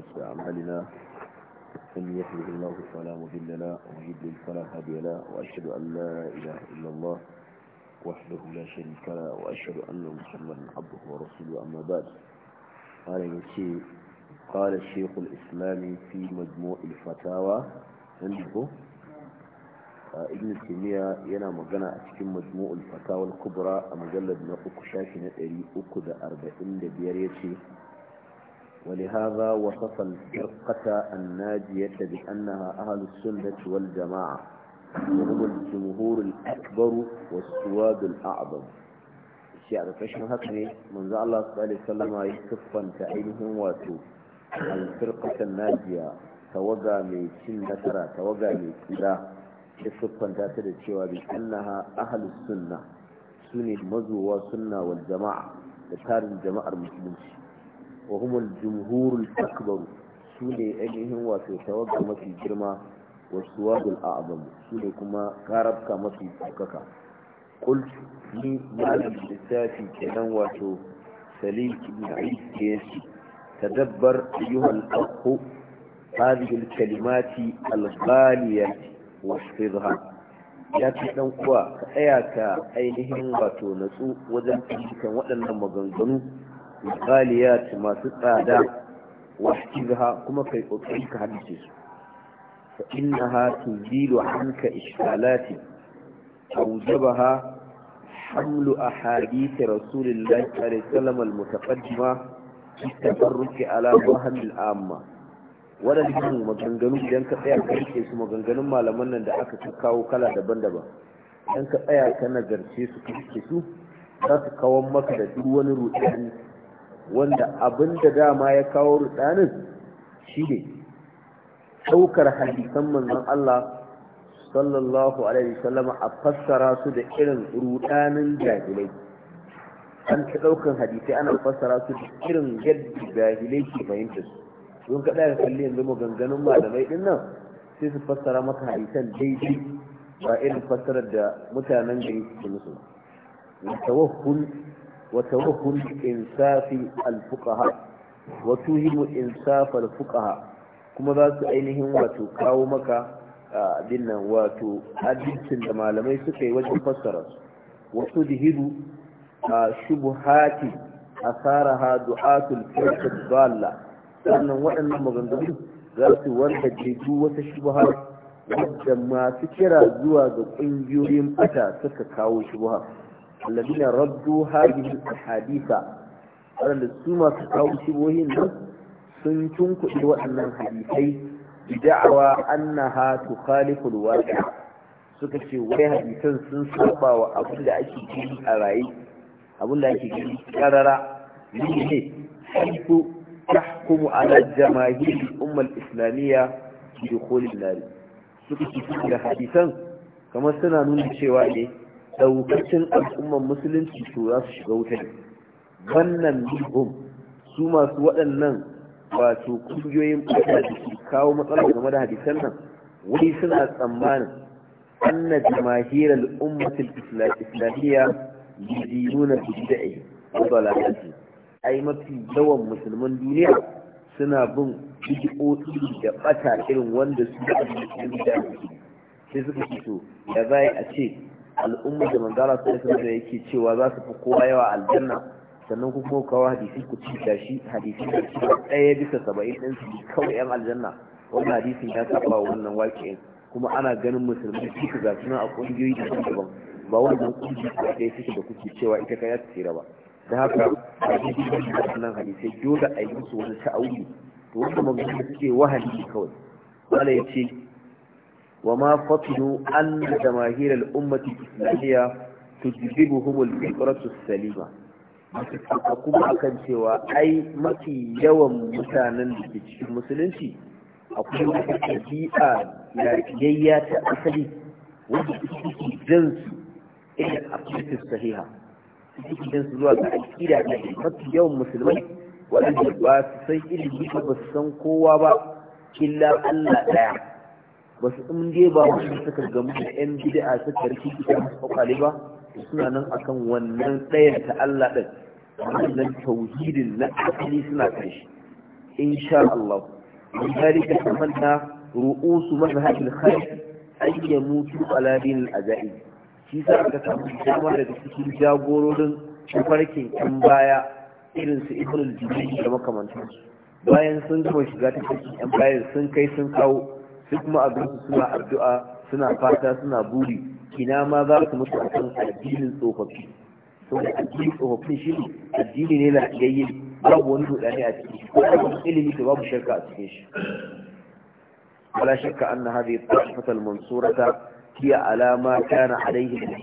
وشر أعمالنا من يهده الله فلا مضل له ومن يضلل فلا هادي له وأشهد أن لا إله إلا الله وحده لا شريك له وأشهد أن محمدا عبده ورسوله أما بعد قال يشي قال الشيخ الإسلامي في مجموع الفتاوى عندكم ibn timiya yana magana a cikin majmu'ul fatawal kubra a mujallar na uku shafi na 345 yace ولهذا وصف الفرقة الناجية بأنها أهل السنة والجماعة وهم الجمهور الأكبر والسواد الأعظم الشيء هذا فشم هكني من ذا الله صلى الله عليه وسلم يكفا تعينهم واتو الفرقة الناجية توقع من سنة توقع من كلا يكفا تعتد الشيوى بأنها أهل السنة سنة مزوى والسنة والجماعة لتار الجماعة المسلمين وهم الجمهور الأكبر سولي أجهم وفي توقع ما جرما والسواد الأعظم سولي كما غاربك ما في قلت لي مالك الإسافي كنان واتو سليك بن عيد كيسي تدبر أيها الأخ هذه الكلمات الغالية واحفظها ya fi kuwa tsaya ka ainihin wato natsu wajen cikin waɗannan maganganu qaliyat masu tsada wahtizha kuma kai kokari ka haddace su fa innaha tuzilu anka ishkalati awjabaha hamlu ahadith rasulillahi sallallahu alaihi wasallam almutaqaddima fi tafarruqi ala wahn al-amma waɗannan maganganu idan ka tsaya ka rike su maganganun malaman nan da aka kawo kala daban-daban idan ka tsaya ka nazarce su ka rike su za su kawo maka da duk wani ruɗani. wanda abin da dama ya kawo rudanin shi ne ɗaukar hadisan manzon Allah sallallahu alaihi wasallam a fassara su da irin rudanin jahilai an ta ɗaukar hadisai ana fassara su da irin yadda jahilai ke fahimta su don kaɗa ka kalli yanzu maganganun malamai ɗin nan sai su fassara maka hadisan daidai ba irin fassarar da mutanen gari suke musu ba tawahhun وتوهم إنصاف الفقهاء وتوهم إنصاف الفقهاء كما ذات أينهم وتقاومك دنا وتحدث لما لم يسكي وجه فسر وتدهد شبهات أثارها دعاة الفرق الضالة لأن وإن مغندرين ذات وانت جيجو وتشبهات wadda masu kira zuwa ga ƙungiyoyin fata suka kawo shubha alladina raddu hadhihi alhadisa wanda su masu kawo shibohin nan sun tunkuɗe waɗannan hadisai bid'awa annaha tukhalifu alwaqi' suka ce wai hadisan sun saba wa abin da ake gani a raye abin da ake gani karara ne haifu tahkumu ala jamahiri ummar islamiyya bi dukhulin ce da hadisan kamar suna nuna cewa ne daukacin al'umman musulunci to za su shiga wuta wannan bihum su masu waɗannan wato kungiyoyin ɓata da ke kawo matsala game da hadisan nan wai suna tsammanin anna jamahir al'ummatul islamiyya yudinuna bi da'i wa dalalati ai mafi yawan musulman duniya suna bin bid'o'i da ɓata irin wanda su da sai suka to da bai a ce al'umma da manzara su yasa da yake cewa za su fi kowa yawa aljanna sannan kuma kawo hadisi ku ci da shi hadisi da shi ɗaya bisa saba'in ɗin su kawai yan aljanna wannan hadisin ya saba wannan waƙe kuma ana ganin musulmi suka ga suna a ƙungiyoyi da suke daban ba wannan ƙungiyoyi da ɗaya suke da kuke cewa ita ka ya tsira ba da haka hadisi da nan hadisai dole a yi musu wani ta'auli to wanda magana suke wahali kawai wala ya ce وما فطنوا أن جماهير الأمة الإسلامية تجذبهم الفكرة السليمة kuma akan cewa ai mafi yawan mutanen da ke cikin musulunci akwai wata ɗabi'a lafiyayya ta asali wanda suke jan su ina aqidatus sahiha suke jan su zuwa ga aqida da mafi yawan musulmai waɗanda ba su san ilimi ba su san kowa ba illa Allah ɗaya ba su in ba wanda suka gamu da yan bid'a suka rike da masu kwakwale ba suna nan akan wannan ɗayan ta Allah ɗin wannan tauhidin na asali suna kai shi insha Allah min dalika tamanna ru'usu mazhabil khalq an yamutu ala din a ajaib shi sa aka samu dama daga cikin jagororin farkin yan baya irin su ibn al da makamantansu bayan sun gama shiga ta cikin yan bayan sun kai sun kawo Duk kuma suna addu'a suna fata suna buri ina ma za su mutu akan addinin tsofaffi saboda addinin tsofaffin shi ne addini ne na gayyin babu wani rudani a ciki ko a cikin ilimi to babu shakka a cikin shi wala shakka anna hadhihi at-ta'ifatul mansurata hiya ala ma kana alayhi an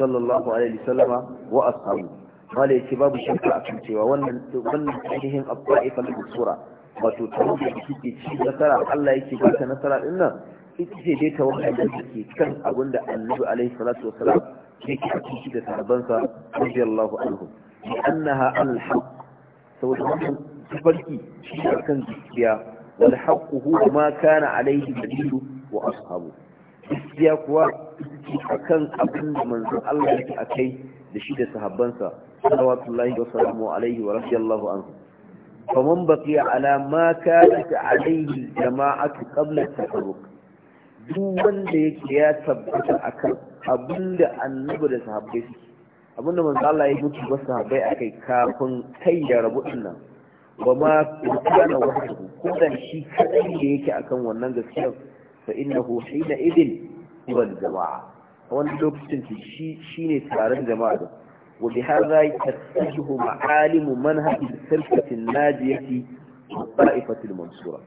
sallallahu alaihi wasallama wa ashabu wala yake babu shakka a cikin cewa wannan wannan ainihin at-ta'ifatul mansura wato tawaga da kike ci nasara Allah yake ba ta nasara din nan ita ce dai ta tawaga da ke kan abin da Annabi alaihi salatu ke yake ci da sahabbansa radiyallahu anhu annaha al-haq saboda wannan tafarki shi kan gaskiya wal haqqu huwa ma kana alaihi dalilu wa ashabu gaskiya kuwa akan abin da manzon Allah yake akai da shi da sahabbansa sallallahu alaihi wa salamu wa alaihi wa radiyallahu anhu faman baqiya ala ma kanat alayhi jama'atu qabla tafarruq duk wanda yake ya tabbata akan abinda annabi da sahabbai suke abinda manzo Allah mutu ba sahabbai akai kafin kai da rabu dinnan ba ma kana wahdu shi kadai da yake akan wannan gaskiyar fa innahu hina idin wal jama'a wannan lokacin shi shine taron jama'a وبهذا يتجه معالم منهج السلفة الناجية والطائفة المنصورة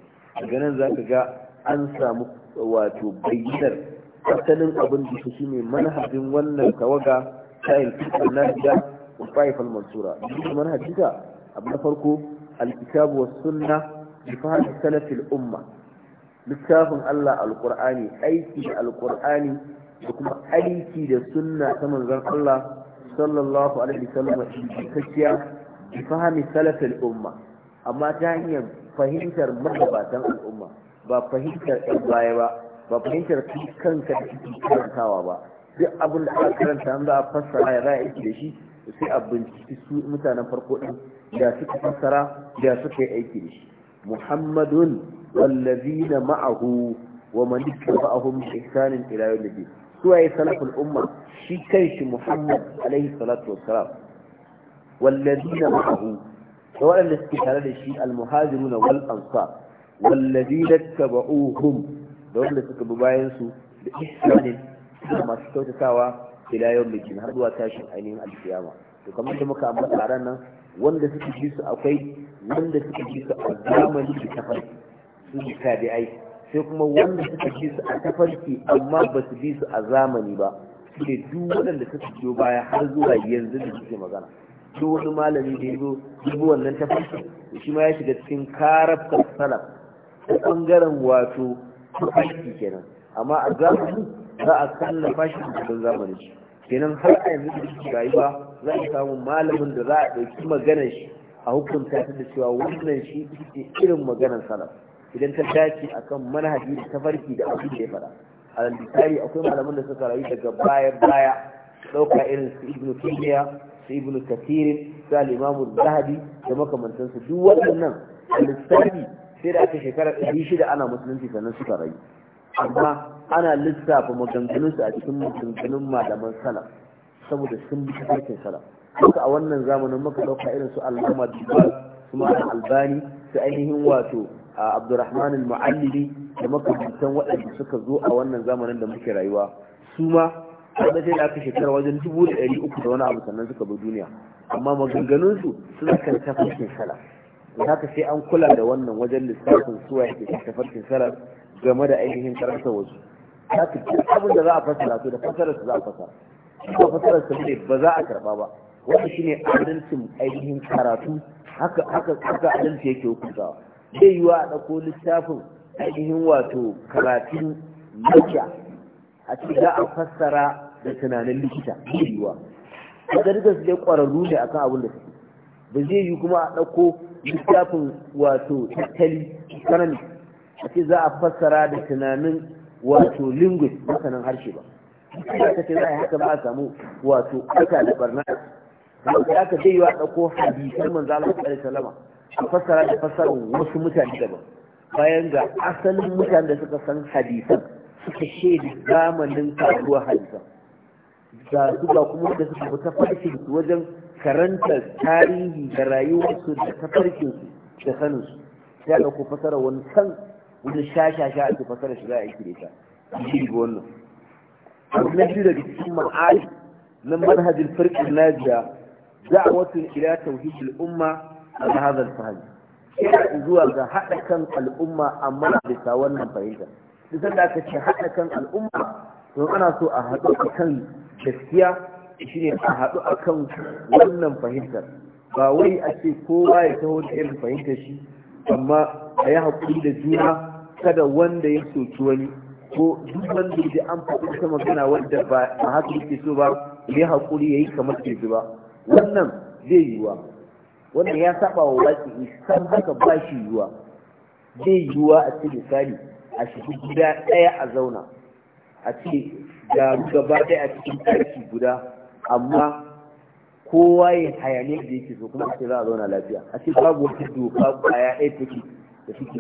ganin za ka ga an samu wato bayyanar asalin abin da shi ne manhajin wannan tawaga ta ilfiƙar najiya wa fa'ifal mansura duk manhajin ta abu na farko alkitabu wa sunna bi fahimtar salafil umma littafin Allah alqur'ani aiki da alqur'ani da kuma aiki da sunna ta manzon Allah sallallahu alaihi wasallam cikakkiya bi fahimi salafil umma amma ta hanyar fahimtar magabatan al'umma ba fahimtar ɗan baya ba ba fahimtar kanka da kake karantawa ba duk abin da aka karanta an za a fassara ya za a aiki da shi sai a binciki su mutanen farko ɗin da suka fassara da suka yi aiki da shi muhammadun wallazina ma'ahu wa man ittaba'ahum bi ihsanin ila yawm din suwaye salaful umma shi kai shi muhammad alaihi salatu wassalam wallazina ma'ahu da waɗanda suke tare da shi almuhajiruna wal ansar wallazina tabauhum da wanda suka bi bayan su da ihsanin da masu kyautatawa ila yau mai har zuwa tashin ainihin alkiyama to kamar da muka ambata a nan wanda suka ji su akwai wanda suka ji su a zamani da tafarki su ji tabi'ai sai kuma wanda suka ji su a tafarki amma ba su bi su a zamani ba ne duk waɗanda suka fito baya har zuwa yanzu da suke magana duk wani malami da ya zo dubu wannan ta farko shi ma ya shiga cikin karafta salaf ta bangaren wato farki kenan amma a zamani za a kalla shi da zamanin shi kenan har a yanzu da suke rayuwa za a samu malamin da za a ɗauki maganar shi a hukunta ta da cewa wannan shi ita irin maganar salaf idan ta dace akan manhaji da tafarki da abin da ya faɗa a misali akwai malaman da suka rayu daga baya baya ɗauka irin su ibn taymiya su ibn Katirin, su al zahabi da makamantansu. duk waɗannan al-misali sai da aka shekara shida ana musulunci sannan suka rayu amma ana lissafa maganganunsu a cikin maganganun malaman salaf saboda sun bi harkar salaf duka a wannan zamanin muka ɗauka irin su al-muhammad su albani su ainihin wato abdurrahman al-mu'allili da makamantan waɗanda suka zo a wannan zamanin da muke rayuwa su ma wanda sai da aka shekara wajen dubu da ɗari uku da wani abu sannan suka bi duniya amma maganganunsu suna kan tafarkin salaf don haka sai an kula da wannan wajen lissafin suwa yake kan tafarkin salaf game da ainihin karanta wasu haka duk abin da za a fasara to da fasarar su za a fasara Kuma fasarar su ne ba za a karɓa ba wanda shine adalcin ainihin karatu haka haka haka adalci yake hukuntawa zai yiwa a ɗauko littafin ainihin wato karatun makiya a ce za a fassara da tunanin likita zai yiwa a gargar su dai ƙwararru ne akan abin da suke ba zai yi kuma a ɗauko littafin wato tattali economic a ce za a fassara da tunanin wato linguist masanin harshe ba ka ce za a yi haka ba a samu wato aka da barna da aka zai yiwa a ɗauko hadisan manzo Allah sallallahu Salama. a fassara da fassarar wasu mutane daban bayan ga asalin mutane da suka san hadisan suka shaidi zamanin karuwa hadisan ga su ba kuma da suka fita farkin su wajen karanta tarihi da rayuwarsu da tafarkin su da sanin su ya ga ku fasara wani san wani shashasha ake fasara shiga a yake da ita ga wannan abu na biyu daga cikin ma'ali na manhajin farkin najiya da'awatun ila tauhidul umma ala hadha kira zuwa ga haɗa kan al'umma amma bisa wannan fahimta duk da aka ce hada kan al'umma to ana so a haɗu kan gaskiya shine a haɗu akan wannan fahimtar ba wai a ce kowa ya taho da irin fahimtar shi amma a yi haƙuri da juna kada wanda ya soki wani ko duk wanda ya an faɗi ta magana wanda ba a haka yake so ba ya haƙuri ya yi kamar ba wannan zai yiwuwa wannan ya saba wa waƙi san haka ba shi yiwuwa zai yiwuwa a cikin misali a shi guda ɗaya a zauna a ce ga gaba ɗaya a cikin ɗarki guda amma kowa ya hayaniyar da yake so kuma a ce za a zauna lafiya a ce babu wata doka kwaya ɗaya take da suke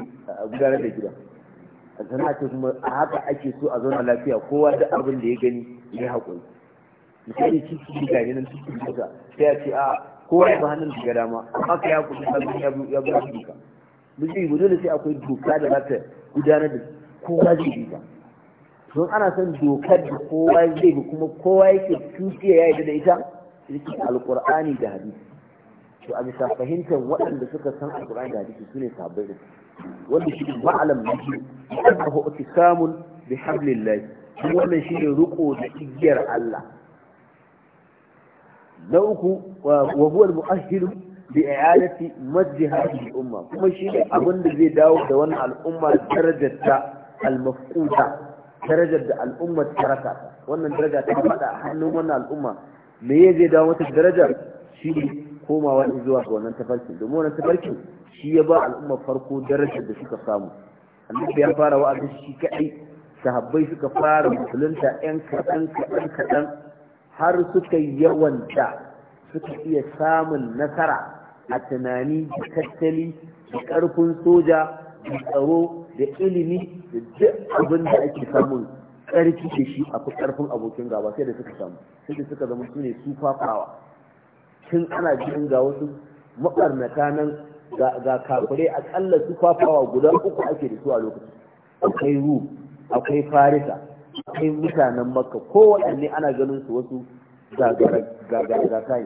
gudanar da gida a sana ce kuma a haka ake so a zauna lafiya kowa da abin da ya gani ya haƙuri misali cikin gani nan cikin mota sai a ce a ah, Ko wani ya hannun daga dama haka ya kuɗi sabbin ya bi shi duka ba yi dole sai akwai doka da za ta gudanar da kowa zai bi ba don ana son dokar da kowa zai bi kuma kowa yake tusiya ya yi da ita yake alƙur'ani da hadisi to a bisa fahimtar waɗanda suka san alƙur'ani da hadisi su ne sabbin. da wanda shi ne ma'alam na shi yadda samun bi hablillahi wannan shi ne riko da igiyar Allah na uku wa huwa al-mu'ahhiru bi i'adati majdi hadhihi al-umma kuma shi ne abin da zai dawo da wannan al'umma darajar ta al-mafquta darajar da al'umma ta raka ta. wannan daraja ta fada a hannun wannan al'umma me ya zai dawo mata darajar shi ne komawa zuwa ga wannan tafarki. domin wannan tafarki, shi ya ba al'umma farko darajar da suka samu annabi ya fara wa'azi shi kadai sahabbai suka fara musulunta yan kaɗan kaɗan kaɗan har suka yawanta suka iya samun nasara a tunani da tattali da ƙarfin soja da tsaro da ilimi da duk abin da ake samun ƙarfi da shi a ƙarfin abokin gaba sai da suka samu sai da suka zama sune ne su fafawa tun ana jin ga wasu maɓarnata nan ga kafirai akalla su fafawa guda uku ake da su a lokaci akwai ru akwai farisa kai mutanen makka kowaɗanne ana ganin su wasu gagara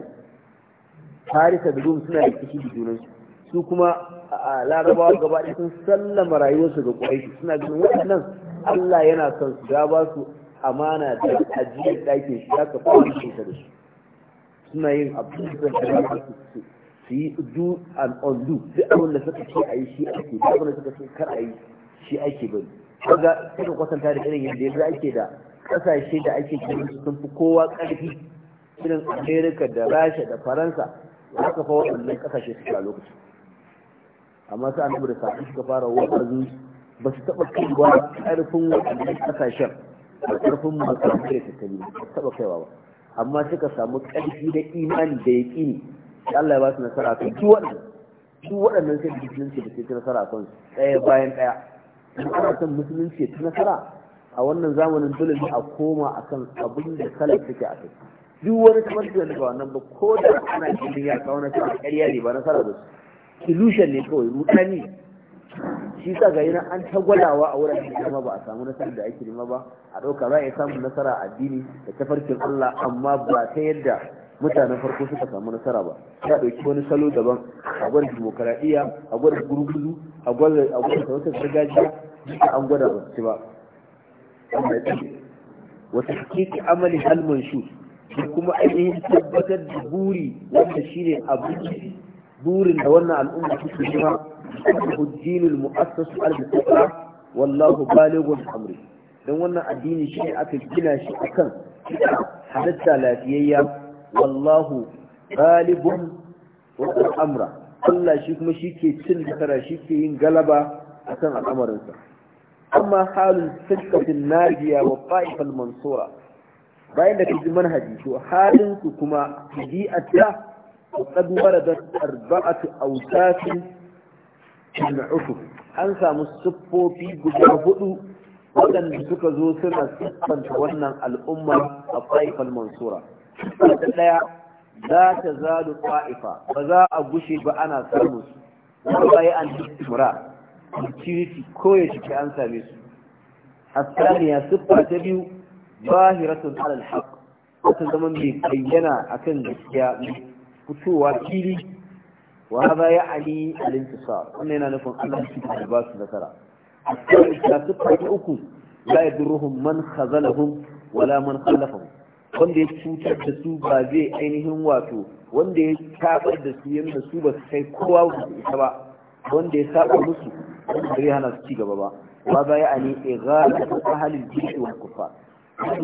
harisa da rum suna da kishi da junansu su kuma a larabawa gaba ɗaya sun sallama rayuwarsu ga ƙwaishi suna ganin waɗannan allah yana son su ya ba su amana da ajiyar ɗakin shi ya ka fara shi da su suna yin abin da suka kira su su yi do and undo duk abin da suka ce a yi shi ake duk abin da suka ce kar a yi shi ake bari kaga suka kwatanta da irin yadda yanzu ake da kasashe da ake kiran sun fi kowa karfi irin amerika da rasha da faransa aka fa waɗannan kasashe su a lokaci. amma sai annabi da sa'i suka fara wa'azi ba su taɓa kaiwa ƙarfin waɗannan kasashen da ƙarfin masu amfani da tattali ba su taɓa kaiwa ba amma suka samu ƙarfi da imani da yaƙini da Allah ya ba su nasara kan duk waɗannan waɗannan sai da su da ke nasara kan su ɗaya bayan ɗaya in ana son musulunci ta nasara a wannan zamanin dole ne a koma a akan abin da salaf suke a kai duk wani kamar da ba wannan ba ko da ana cikin ya kawo na salaf ƙarya ne ba nasara ba illusion ne kawai rudani shi sa ga yana an ta gwadawa a wurin da kuma ba a samu nasara da ake nema ba a ɗauka za a samun nasara a addini da tafarkin Allah amma ba ta yadda mutanen farko suka samu nasara ba ya ɗauki wani salo daban a gwada dimokuraɗiyya a gwada gurguzu a gwada sarautar gargajiya duka an gwada ba ci ba wata hakiki amali halman shi da kuma ainihin tabbatar da buri wanda shine abin burin da wannan al'umma suke jira hujjinul mu'assasu al-fitra wallahu balighul amri don wannan addini ne aka gina shi akan halitta lafiyayya wallahu galibun wa amra Allah shi kuma shi ke cin nasara shi ke yin galaba akan al'amarinsa amma halin firkatin najiya wa fa'ifal mansura bayan da kaji manhaji to halin su kuma bi'atta qad waradat arba'atu awsatin min usuf an samu siffofi guda hudu waɗanda suka zo suna siffanta wannan al'ummar a fa'ifal mansura ta ɗaya za ta zalu fa'ifa ba za a gushe ba ana samun su ba yi an istimrar security ko ya shi an same su asaniya siffa ta biyu zahiratun alal haq zama mai bayyana akan gaskiya fitowa fili wa haza ya ali al-intisar wannan yana nufin Allah shi da ba su nasara asaniya siffa ta uku la yadurruhum man khazalahum wala man khallafahum wanda ya cutar da su ba zai ainihin wato wanda ya tabar da su yanda su ba su kai kowa ba su isa ba wanda ya saba musu wanda bai hana su ci gaba ba ba ga ya'ani ighalatu ahli al-bid'ah wal kufar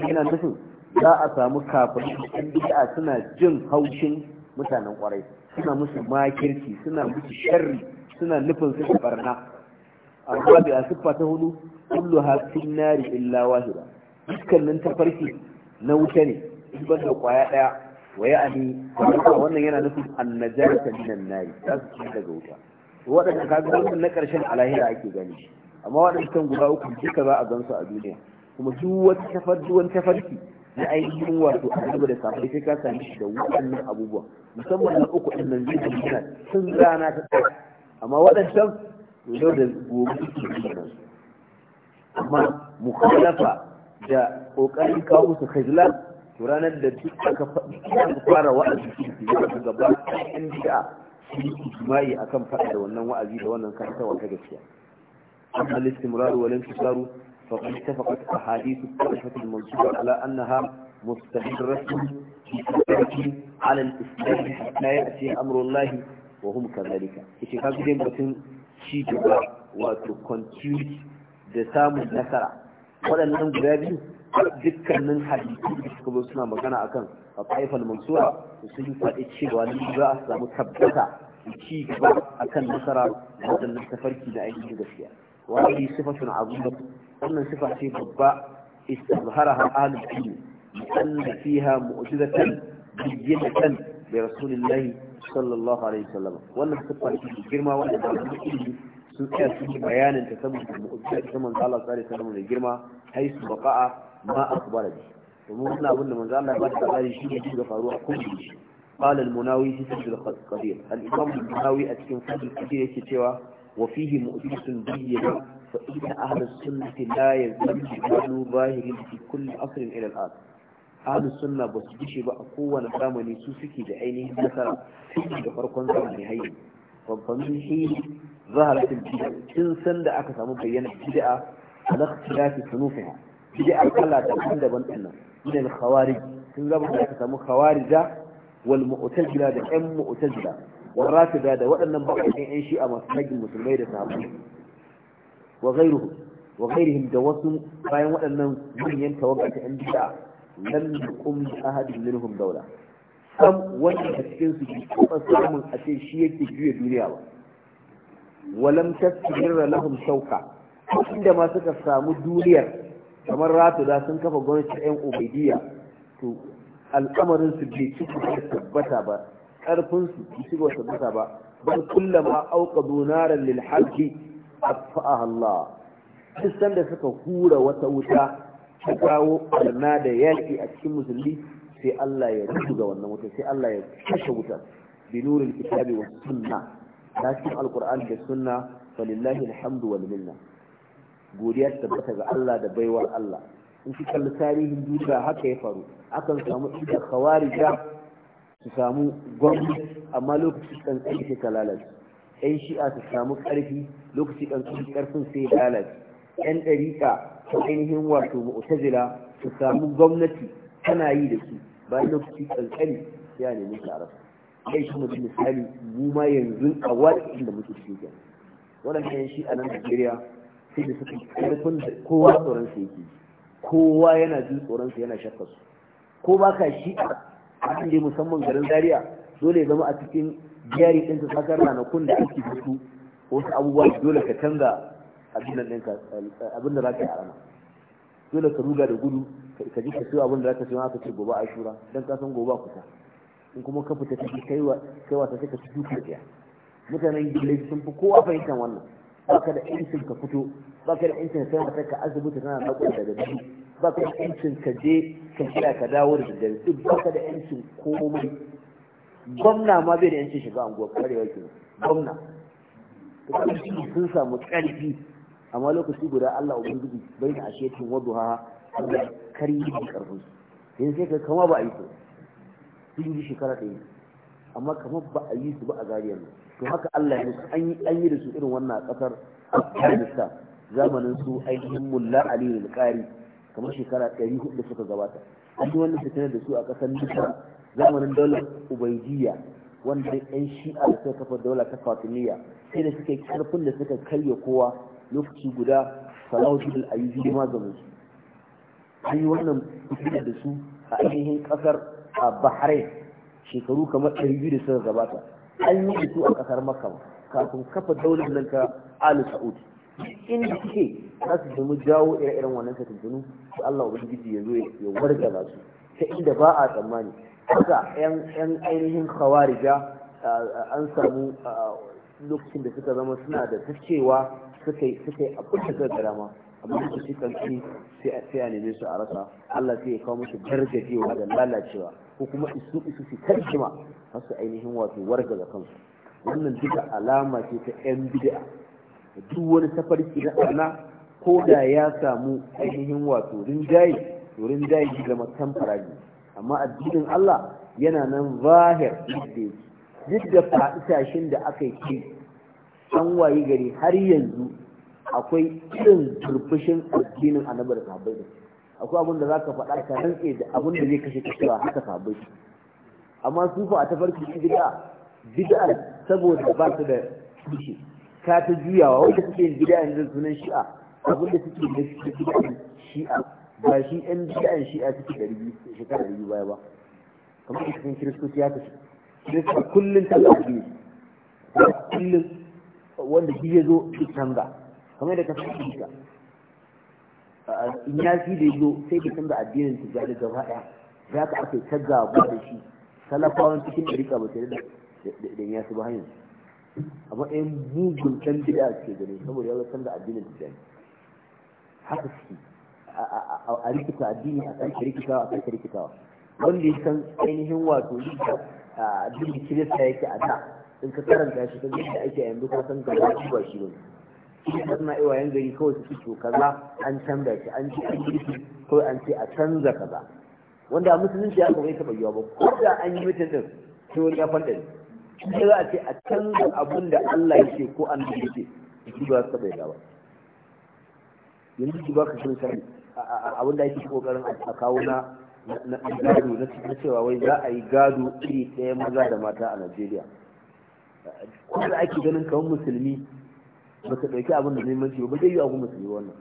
yana nufin za a samu kafin cikin bid'a suna jin haushin mutanen kwarai suna musu makirci suna musu sharri suna nufin su da barna amma bai asiffa ta hudu kullu hafin nari illa wahida dukkanin tafarki na wuta ne in da kwaya daya wa ya'ani wannan yana nufin annajata minan nari za su ci daga wuta waɗanda ka ga na ƙarshen a lahira ake gani amma waɗancan guda uku duka za a gansu a duniya kuma duk tafar tafarki wani tafarki na ainihin wato a gaba da safe sai ka sami shi da waɗannan abubuwa musamman na uku ɗin nan zai da yana tun rana ta tsaya amma waɗancan yau da gobe suke kenan amma mukhalafa da ƙoƙarin kawo su kajila to ranar da duk aka fara wa'azi su gaba ɗan jiya. sun akan faɗa da wannan wa'azi da wannan karantarwa ta gaskiya amma listimraru wa lantisaru فقد اتفقت أحاديث الطائفة المنصوبة على أنها مستمرة في على الإسلام حتى يأتي أمر الله وهم كذلك batun shi بطن wato جبا da دسام nasara. waɗannan guda biyu dukkanin hadisi da suka zo suna magana akan a ƙaifar mansuwa su sun faɗi cewa ne za a samu tabbata a ci gaba a kan nasara waɗannan tafarki da ainihin gaskiya wani sifafin azuma wannan sifa ce babba istazhara ha alifini musalli fiha mu'jizatan bayyanatan bi rasulillahi sallallahu alaihi wasallam wannan sifa ce girma wanda ba su ilimi sun tsaya su yi bayanin ta saboda mu'jizatan manzo Allah sallallahu alaihi wasallam mai girma haisu baqa ma akbar domin wannan abin da manzo Allah ya bada labari shi ne ga faruwa kullum قال المناوي في سجل القدير الإمام المناوي أتكن سجل القدير يكتوى وفيه مؤسس بيّن فإن أهل السنة لا يزال جبال ظاهر في كل أصر إلى الآن أهل السنة بسجيش بأقوة نقام نسوسك بعينه مثلا في فرق زمن هاي فمن حين ظهرت البدع تنسن دا أكثر مبينة بدعة على اختلاف صنوفها بدعة كلا تحدى بنتنا min al sun zama da aka samu khawarija wal mu'tazila da ƴan mu'tazila wal rafida da waɗannan baƙaƙen ƴan shi'a masu musulmai da sahabbai wa ghayruhu da wasu bayan waɗannan manyan tawaga ta ƴan bid'a lam yuqum ahadun minhum dawla sam wanda a cikin su bi taɓa a ce shi yake juya duniya ba walam tasbirra lahum inda ma suka samu duniyar kamar ratuda sun kafa gwamnati yan ubaidiyya to al'amarin su bai ci tabbata ba karfin su bai ci tabbata ba bal kullama auqadu naran lil hajji Allah duk sanda suka hura wata wuta ta kawo barna da yaki a cikin musulmi sai Allah ya rufu ga wannan wuta sai Allah ya kashe wutar bi nuril kitabi was sunna cikin alquran da sunna falillahi alhamdu wal minna godiya ta tabbata ga Allah da baiwar Allah in ki kalli tarihin duniya haka ya faru akan samu inda khawarija su samu gwamnati amma lokaci kan tsarki ke lalace yan shi'a su samu karfi lokaci kan tsarki karfin sai lalace yan dariƙa ta ainihin wato mu'tazila su samu gwamnati tana yi da su bayan lokaci kankani ya nemi tarar kai shi mutum misali mu ma yanzu a wani da muke cikin waɗannan yan shi'a nan Najeriya sai da suka karfin da kowa tsoron sa yake kowa yana jin tsoron sa yana shakka su ko ka shi a cikin musamman garin Zaria dole ya zama a cikin jari ɗin ta sakar ranakun da ake fito wasu abubuwa dole ka canza abin nan abin da za yi a rana dole ka ruga da gudu ka ji ka siyo abin da za ka siyo aka ce gobe ashura don ka san gobe kusa in kuma ka fita ta kai wa ta sai ka ci duka mutanen gilai sun fi kowa fahimtar wannan baka da ƴancin ka fito baka da ƴancin sai mata ka asibiti tana nakuda da dabi baka da ƴancin ka je ka kira ka dawo da daddare duk baka da incin komai gwamna ma bai da ƴancin shiga anguwa kwarewa ke gwamna to kuma sun samu ƙarfi amma lokaci guda Allah ubangiji bai da ashe wadu ha Allah karyi da karfin su yanzu sai ka kama ba a yi su sun yi shekara ɗaya amma kamar ba a yi su ba a zariyar nan to haka Allah ya an yi da su irin wannan a kasar Afghanistan zamanin su ainihin Mulla Ali al-Qari kamar shekara 400 da suka gabata an yi wannan fitina da su a kasar Misra zamanin daular Ubaydiyya wanda yan shi'a da suka kafa daular ta Fatimiyya sai da suka karfin da suka karya kowa lokaci guda Salahuddin al-Ayyubi ma zaman su an yi wannan fitina da su a ainihin kasar Bahrain shekaru kamar 200 da suka gabata an yi mutu su a kasar makka kafin kafa daular nan ta ali sa'ud inda suke za su zama jawo ire-iren wannan fitintunu su allah ubangiji ya zo ya za su ta inda ba a tsammani haka yan ainihin khawarija an samu lokacin da suka zama suna da tacewa suka yi abin da suka gara amma su sai a neme su a rasa allah sai ya kawo musu gargajewa da lalacewa ko kuma isu isu su tarjima har su ainihin wato da kansu wannan duka alama ce ta yan bid'a duk wani tafarki na Allah ko da ya samu ainihin wato rinjaye to rinjaye shi zama tamfara amma addinin Allah yana nan zahir duk da faɗi da aka yi an wayi gari har yanzu akwai irin turfishin addinin annabar sahabbai da su akwai abin da za ka faɗa ka rantse da abin da zai kashe ka cewa haka sabai amma su fa a tafarki bid'a bid'a saboda ba su da kishi ka ta juyawa wanda suke bid'a yanzu sunan shi'a abin da suke da bid'a shi'a ba shi ɗan bid'a shi'a suke da rubi shekara da baya ba kamar da cikin kiristoci ya kashe kirista kullum ta zafi kullum wanda shi ya zo duk canza kamar da ka fi in ya fi da yazo sai ka canza addinin su jari gaba ɗaya za ka ake ta gaba da shi salafawan cikin ɗarika ba tare da ya su ba hanyar a matsayin mugun ɗan bida ke gani saboda ya canza addinin su jari haka suke a rikita addini a kan rikitawa a kan rikitawa wanda ya san ainihin wato addinin kirista yake a da in ka karanta shi kan yadda ake yanzu ka san gaba ba shi ba shi suna iwayen gari kawai su ce kaza an canza shi an ci an yi kawai an ce a canza kaza wanda a musulunci ya kuma taɓa yiwa ba ko da an yi mutum ɗin sai wani ya fanda ne sai za a ce a canza abin da Allah ya ce ko an yi ya ce shi ba su taɓa yi ba yanzu shi ba ka shirin sani abin da yake kokarin a kawo na na gado na cewa wai za a yi gado iri ɗaya maza da mata a Najeriya. Kuma ake ganin kamar musulmi ba ka ɗauki abin da muhimmanci ba ba zai yi a gumu su yi wannan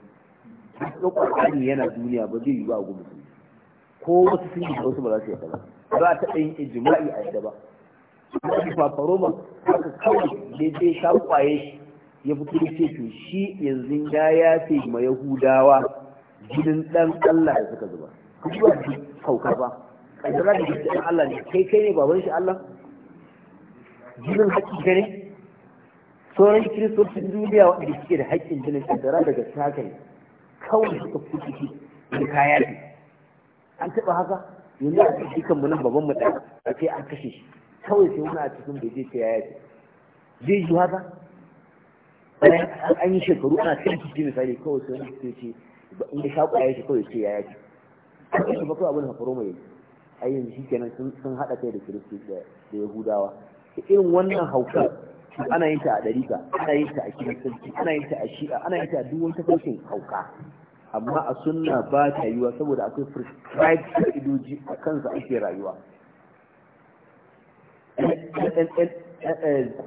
duk ƙwarƙani yana duniya ba zai yi ba a gumu su ko wasu sun yi wasu ba za su yi ba ba a taɓa yin ijma'i a yadda ba wani fafaro ba haka kawai daidai shan kwaye ya fito da ce to shi yanzu ya yafe ma yahudawa jinin ɗan allah da suka zuba kuma ba su kauka ba ƙaddara da jinin allah ne kai kai ne baban shi allah jinin haƙƙi ne sauran kiristocin duniya waɗanda suke da haƙƙin jinin kaddara daga haka kawai suka fi shi da kaya ne an taɓa haka yanzu a cikin dukan munan nan baban a ce an kashe shi kawai sai wani a cikin bai zai ce ya yace zai yi haka bayan an yi shekaru ana cikin ciki misali kawai sai wani sai ce in ya shaƙo ya yace kawai sai ya yace an kashe ba kawai abin hafaro mai yi ayyanzu shi kenan sun haɗa kai da kiristoci da yahudawa irin wannan haukar ana yin ta a ɗarika ana yin ta a kiristanci ana yin ta a shi'a ana yin ta a duk wani tafarkin hauka amma a sunna ba ta yiwa saboda akwai prescribed ka'idoji a kansa ake rayuwa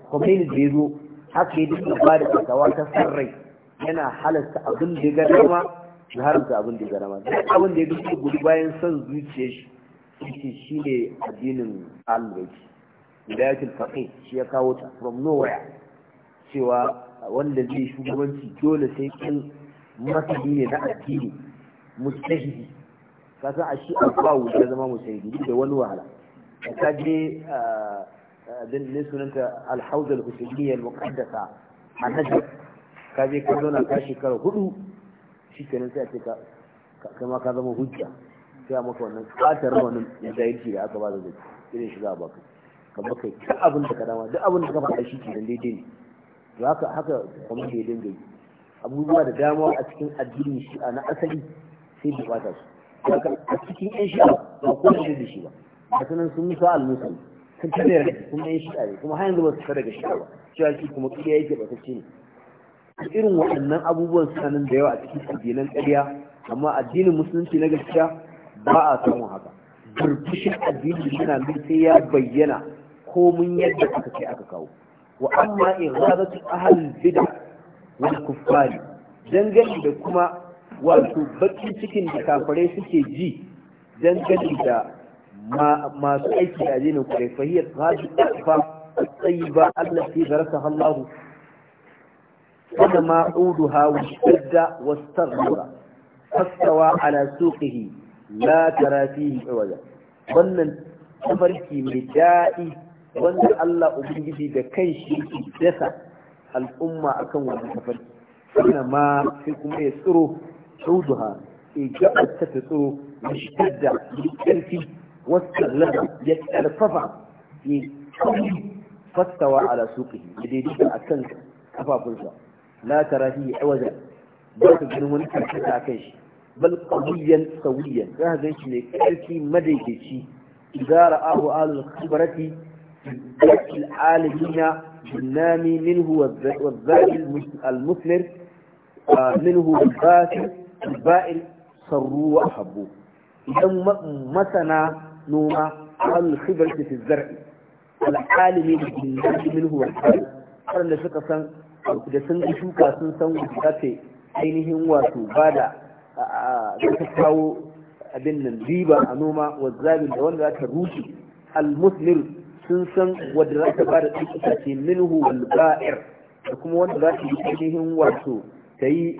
Khomeini da ya zo haka ya dinga ba da fatawa ta sarrai yana halasta abin da ya ga dama ya haramta abin da ya ga dama duk abin da ya gudu bayan son zuciya shi shi ne addinin alwaji bidayatul faqih shi ya kawo ta from nowhere cewa wanda zai shugabanci dole sai kin masani ne na addini mujtahidi ka a shi abawu ya zama mujtahidi da wani wahala ka je ah, ah, din ne sunanta al-hawza al-husainiyya al-muqaddasa a najd ka je ka zauna ka shekara hudu shikenan sai a ce ka kama ka zama hujja sai a maka wannan katar wannan jahilci da aka ba da zai irin shiga a baka ka kai, ta abin da ka duk abin da ka aiki ke ke daidai ne to haka haka kuma da daidai dinga yi abubuwa da dama a cikin addini shi'a na asali sai da bata su haka a cikin yan shi'a ba ko da da shi ba a sun musa al-musul sun ta ne kuma yan shi'a ne kuma har yanzu ba su daga shi'a ba cewa shi kuma kiyaye yake ba ta ne irin waɗannan abubuwan suna nan da yawa a cikin addinan ƙarya amma addinin musulunci na gaskiya ba a samun haka burbushin addini yana nan sai ya bayyana komun yadda aka ce aka kawo wa amma ighadatu ahlul bid'a wal kuffari dangane da kuma wato bakin cikin da kafare suke ji dangane da masu aiki da ajinin kwarai fahiyar hajji ɗafa tsayi ba Allah fi zarasa Allah kada ma ɗudu ha wajidda wastar nura fastawa ala suƙihi la tara fihi wajen wannan tafarki mai daɗi wanda Allah ubangiji da kai shi dasa al'umma akan wani tafarki kana ma sai kuma ya tsiro tsuduha e gabar ta tsiro ya shidda ya karfi wasallada ya karfafa ya kauri fastawa ala suqihi ya daidaita akan kafafunsa la tara ya awaza ba ka ganin wani karkata akan shi bal qawiyan sawiyan za ka ganshi ne karfi madaidaici idza ra'ahu ahlul khibrati بالذات العالمين بالنامي منه والذات المثمر منه الباسل البائل صروا وأحبوا إذا مثنا نوما أهل الخبرة في الزرع العالمي بالنامي منه والبائل قال لشك سن da sun ji shuka sun san wuta ce ainihin wato ba da ta kawo abin nan riba a noma wa zabin da wanda za ta rushe al-muslim sun san wadda za ta ba da ɗan itace minhu wal ba'ir da kuma wanda za ta yi ainihin wato ta yi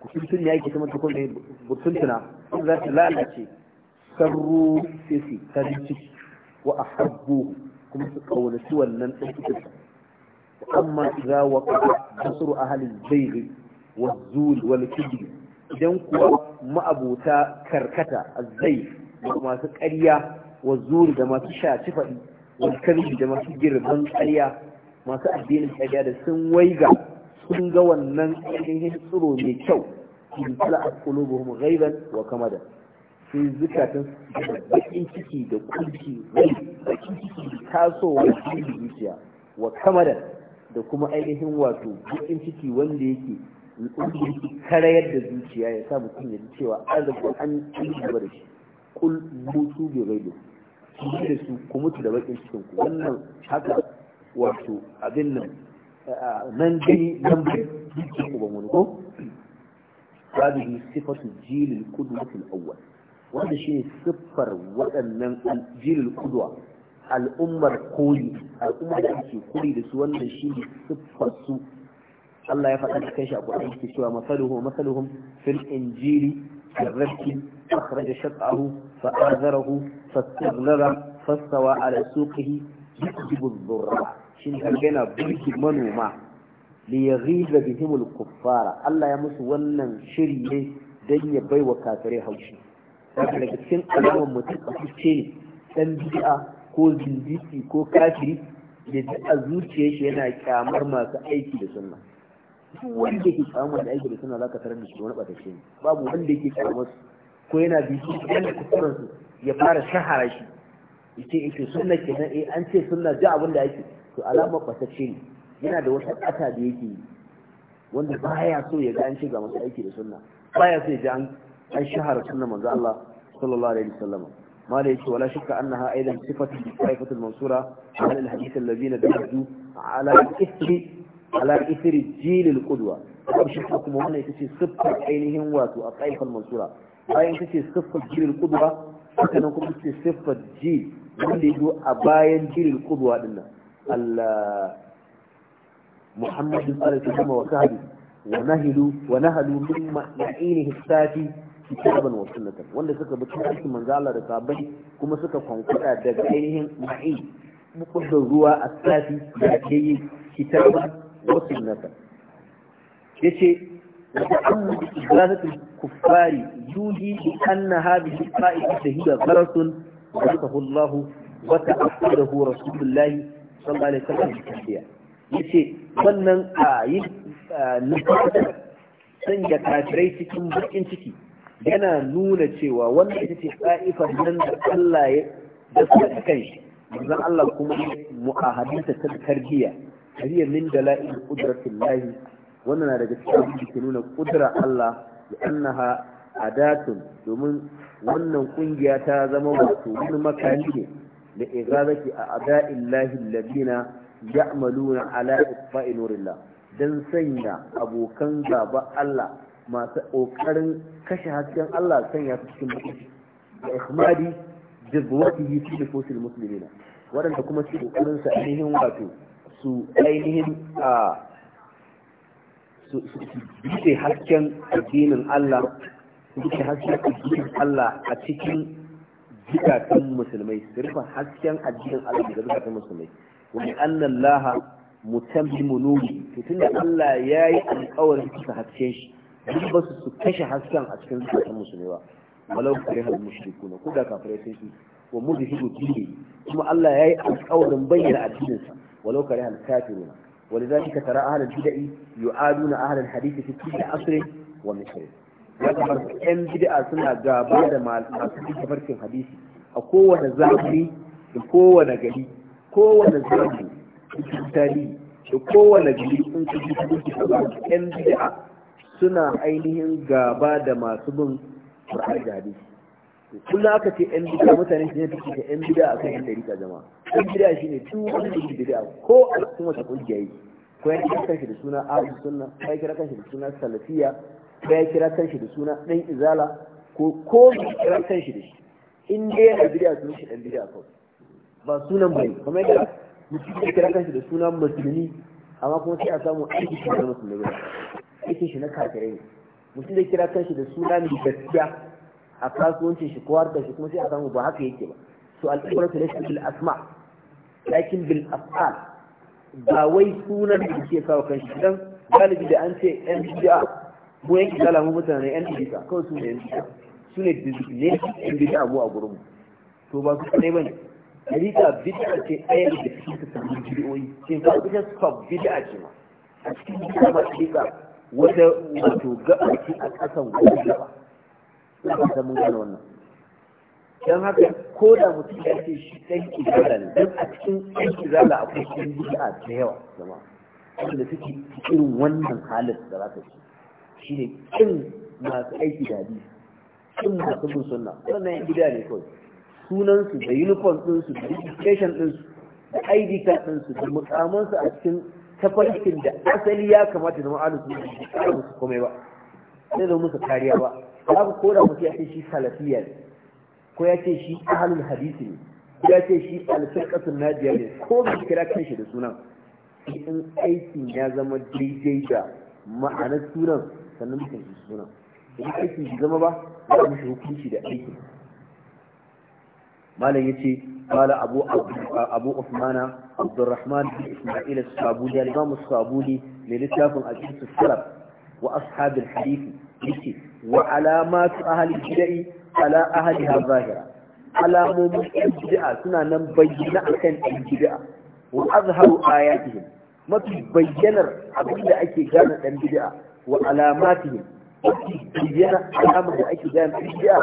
kusurtun ya yake kuma tukun mai butuntuna wanda za ta lalace sarru sisi farin ciki wa ahabbu kuma su kaunaci wannan ɗan itace amma za idza waqa basru a halin bayr wa zul wal kibr idan kuwa ma'abuta karkata az-zayf masu ƙarya wa da masu shaci faɗi wa da masu girban ƙarya masu addinin ƙarya da sun waiga sun ga wannan ainihin tsiro mai kyau in tala a kulubuhum ghaiban wa kamada sun zukatan bakin ciki da kulki rai bakin ciki da tasowa da zuciya wa kamada da kuma ainihin wato bakin ciki wanda yake karayar da zuciya ya sa mutum ya ji cewa an an ci gaba da shi kul mutu bi gaido kuma da su da bakin cikin ku wannan haka wato abin nan nan gani nan bai duka ku ba mulko hadhihi sifatu jilil qudwat al-awwal wanda shine siffar waɗannan jilil qudwa al'ummar koli al'ummar da ake kuri da su wannan shi ne su Allah ya faɗa da kai shi a ƙwarai ke cewa masaluhu masaluhun fil injili كالربك أخرج شطعه فآذره فاستغلظ فاستوى على سوقه يكذب الضرع شن كان برك منوما ليغيظ بهم الكفار الله يمس shiri ne dan ya bai wa kafirai haushi daga daga cikin alamar mutum a fice dan ko zindiki ko kafiri da a zuciyar shi yana kyamar masu aiki da sunna duk wanda ke kyamun da aiki da suna zaka tarar da shi wani batacce ne babu wanda yake su ko yana biki yana kusuran su ya fara shahara shi yace yake eh, sunna kenan eh an ce sunna ji abin da yake to alama batacce ne yana da wata ƙasa da yake yi wanda baya so ya ga an ce ga masu aiki da sunna baya so ya ji an shahara sunna manzo Allah sallallahu alaihi wasallam ماذا يشي ولا شك أنها أيضا صفة للطائفة المنصورة على الحديث الذين دخلوا على الإثم ala isri jilil qudwa babu shi kuma wannan ita ce siffar ainihin wato a tsaifar mansura bayan ita ce siffar jilil qudwa haka nan kuma ce siffar ji wanda yazo a bayan jilil qudwa din nan Allah Muhammadu alaihi wa sahabi wa nahilu wa nahalu min ma'inihi safi kitaban wa sunnatan wanda suka bi cikin manzo da sahabbai kuma suka kwankwada daga ainihin ma'i mukuddar ruwa a safi da yayi kitaban وسنة يشي وتعمد إغاثة الكفار يوجي بأن هذه الطائفة هي غلط غلطه الله وتأخذه رسول الله wannan a yi kafirai cikin bakin ciki yana nuna cewa wannan ita ce nan da Allah ya da suka Allah kuma mu'ahadinta ta tarbiyya min هي da دلائل cikin الله nuna nuna Allah Allah da annaha datun domin wannan kungiya ta zama wato wani makami ne da igazaki a ada'illahi ladina ya'maluna ala itfa'i nurillah dan sanya abokan gaba Allah masu kokarin kashe hasken Allah sanya su cikin mutunci da ihmadi jazwatihi fi muslimina waɗanda kuma su kokarin sa ainihin wato su ainihin a su bude hasken addinin Allah su bude hasken addinin Allah a cikin zukatan musulmai su rufe hasken addinin Allah daga zukatan musulmai wani annan laha mutammimu nuri to da Allah ya yi alƙawarin kusa hasken shi duk ba su su kashe hasken a cikin zukatan musulmai ba walau kare hal mushriku na kuda kafirai sai su wa mu mudhibu dini kuma Allah ya yi alkawarin bayyana addinin sa ولو كره الكافرون ولذلك ترى أهل البدع يعادون أهل الحديث في كل عصر ومثله wajen yan bid'a suna gaba da masu tafarkin hadisi a kowane zamani da kowane gari kowane zamani cikin tarihi da kowane gari sun kaji cikin yan bid'a suna ainihin gaba da masu bin Qur'ani kullum aka ce yan bida mutane shi ne da yan bida a kan yan rika zama. yan bida shi ne duk wani da yake bida ko a cikin wata ƙungiya yi ko ya kira kanshi da suna abu suna ko ya kira kanshi da suna salafiya ko ya kira kanshi da suna dan izala ko ko ya kira kanshi da shi in dai yana bida sun shi dan bida kawai ba sunan bai kamar yadda mutum ya kira kanshi da suna musulmi amma kuma sai a samu aiki shi na musulmi ba aikin shi na kafirai mutum da kira kanshi da suna mai gaskiya a kasuwancin shi ko harkar shi kuma sai a samu ba haka yake ba so al'ibratu laysa bil asma lakin bil af'al ba wai sunan da ke kawo shi dan galibi da an ce yan bid'a mu yan kidala mu mutane yan bid'a kawai su ne yan bid'a su ne ne yan bid'a mu a gurin mu to ba su kadai bane Rika bid'a ce ɗaya da cikin ta sabbin bid'o'i, shin ka ita sab bid'a ce ma a cikin bid'a ba rika wata wato gaɓa a ƙasan wata gaba na fata gane wannan don haka ko da mutum ya ce shi ɗan kizala ne don a cikin ɗan kizala akwai cikin a ta yawa zama wanda suke cikin wannan halin da za ka ce shi ne kin masu aiki da hadisi kin masu bin sunna wannan yan gida ne kawai sunansu da uniform ɗinsu da registration ɗinsu da id card ɗinsu da mukamansu a cikin tafarkin da asali ya kamata da ma'alu su ne su kome ba sai da musu kariya ba babu ko da mutum ya ce shi salafiyya ne ko ya ce shi ahlul hadisi ne ko ya ce shi alfirqatul najiya ne ko mai kira kanshi da sunan in aikin ya zama daidai da ma'anar sunan sannan mutum shi sunan in aikin shi zama ba za mu shi hukunci da aikin malam ya ce, abu abu usmana abdurrahman bin isma'il as-sabuni al-imam as-sabuni ne littafin al-salaf wa ashabil hadisi yace wa alamatu ahli bid'i ala ahliha zahira alamomin ɗan bid'a suna nan bayyana akan ɗan bid'a wa azharu ayatihim mafi bayyanar abin da ake gane ɗan bid'a wa alamatihim mafi bayyana alamar da ake gane ɗan bid'a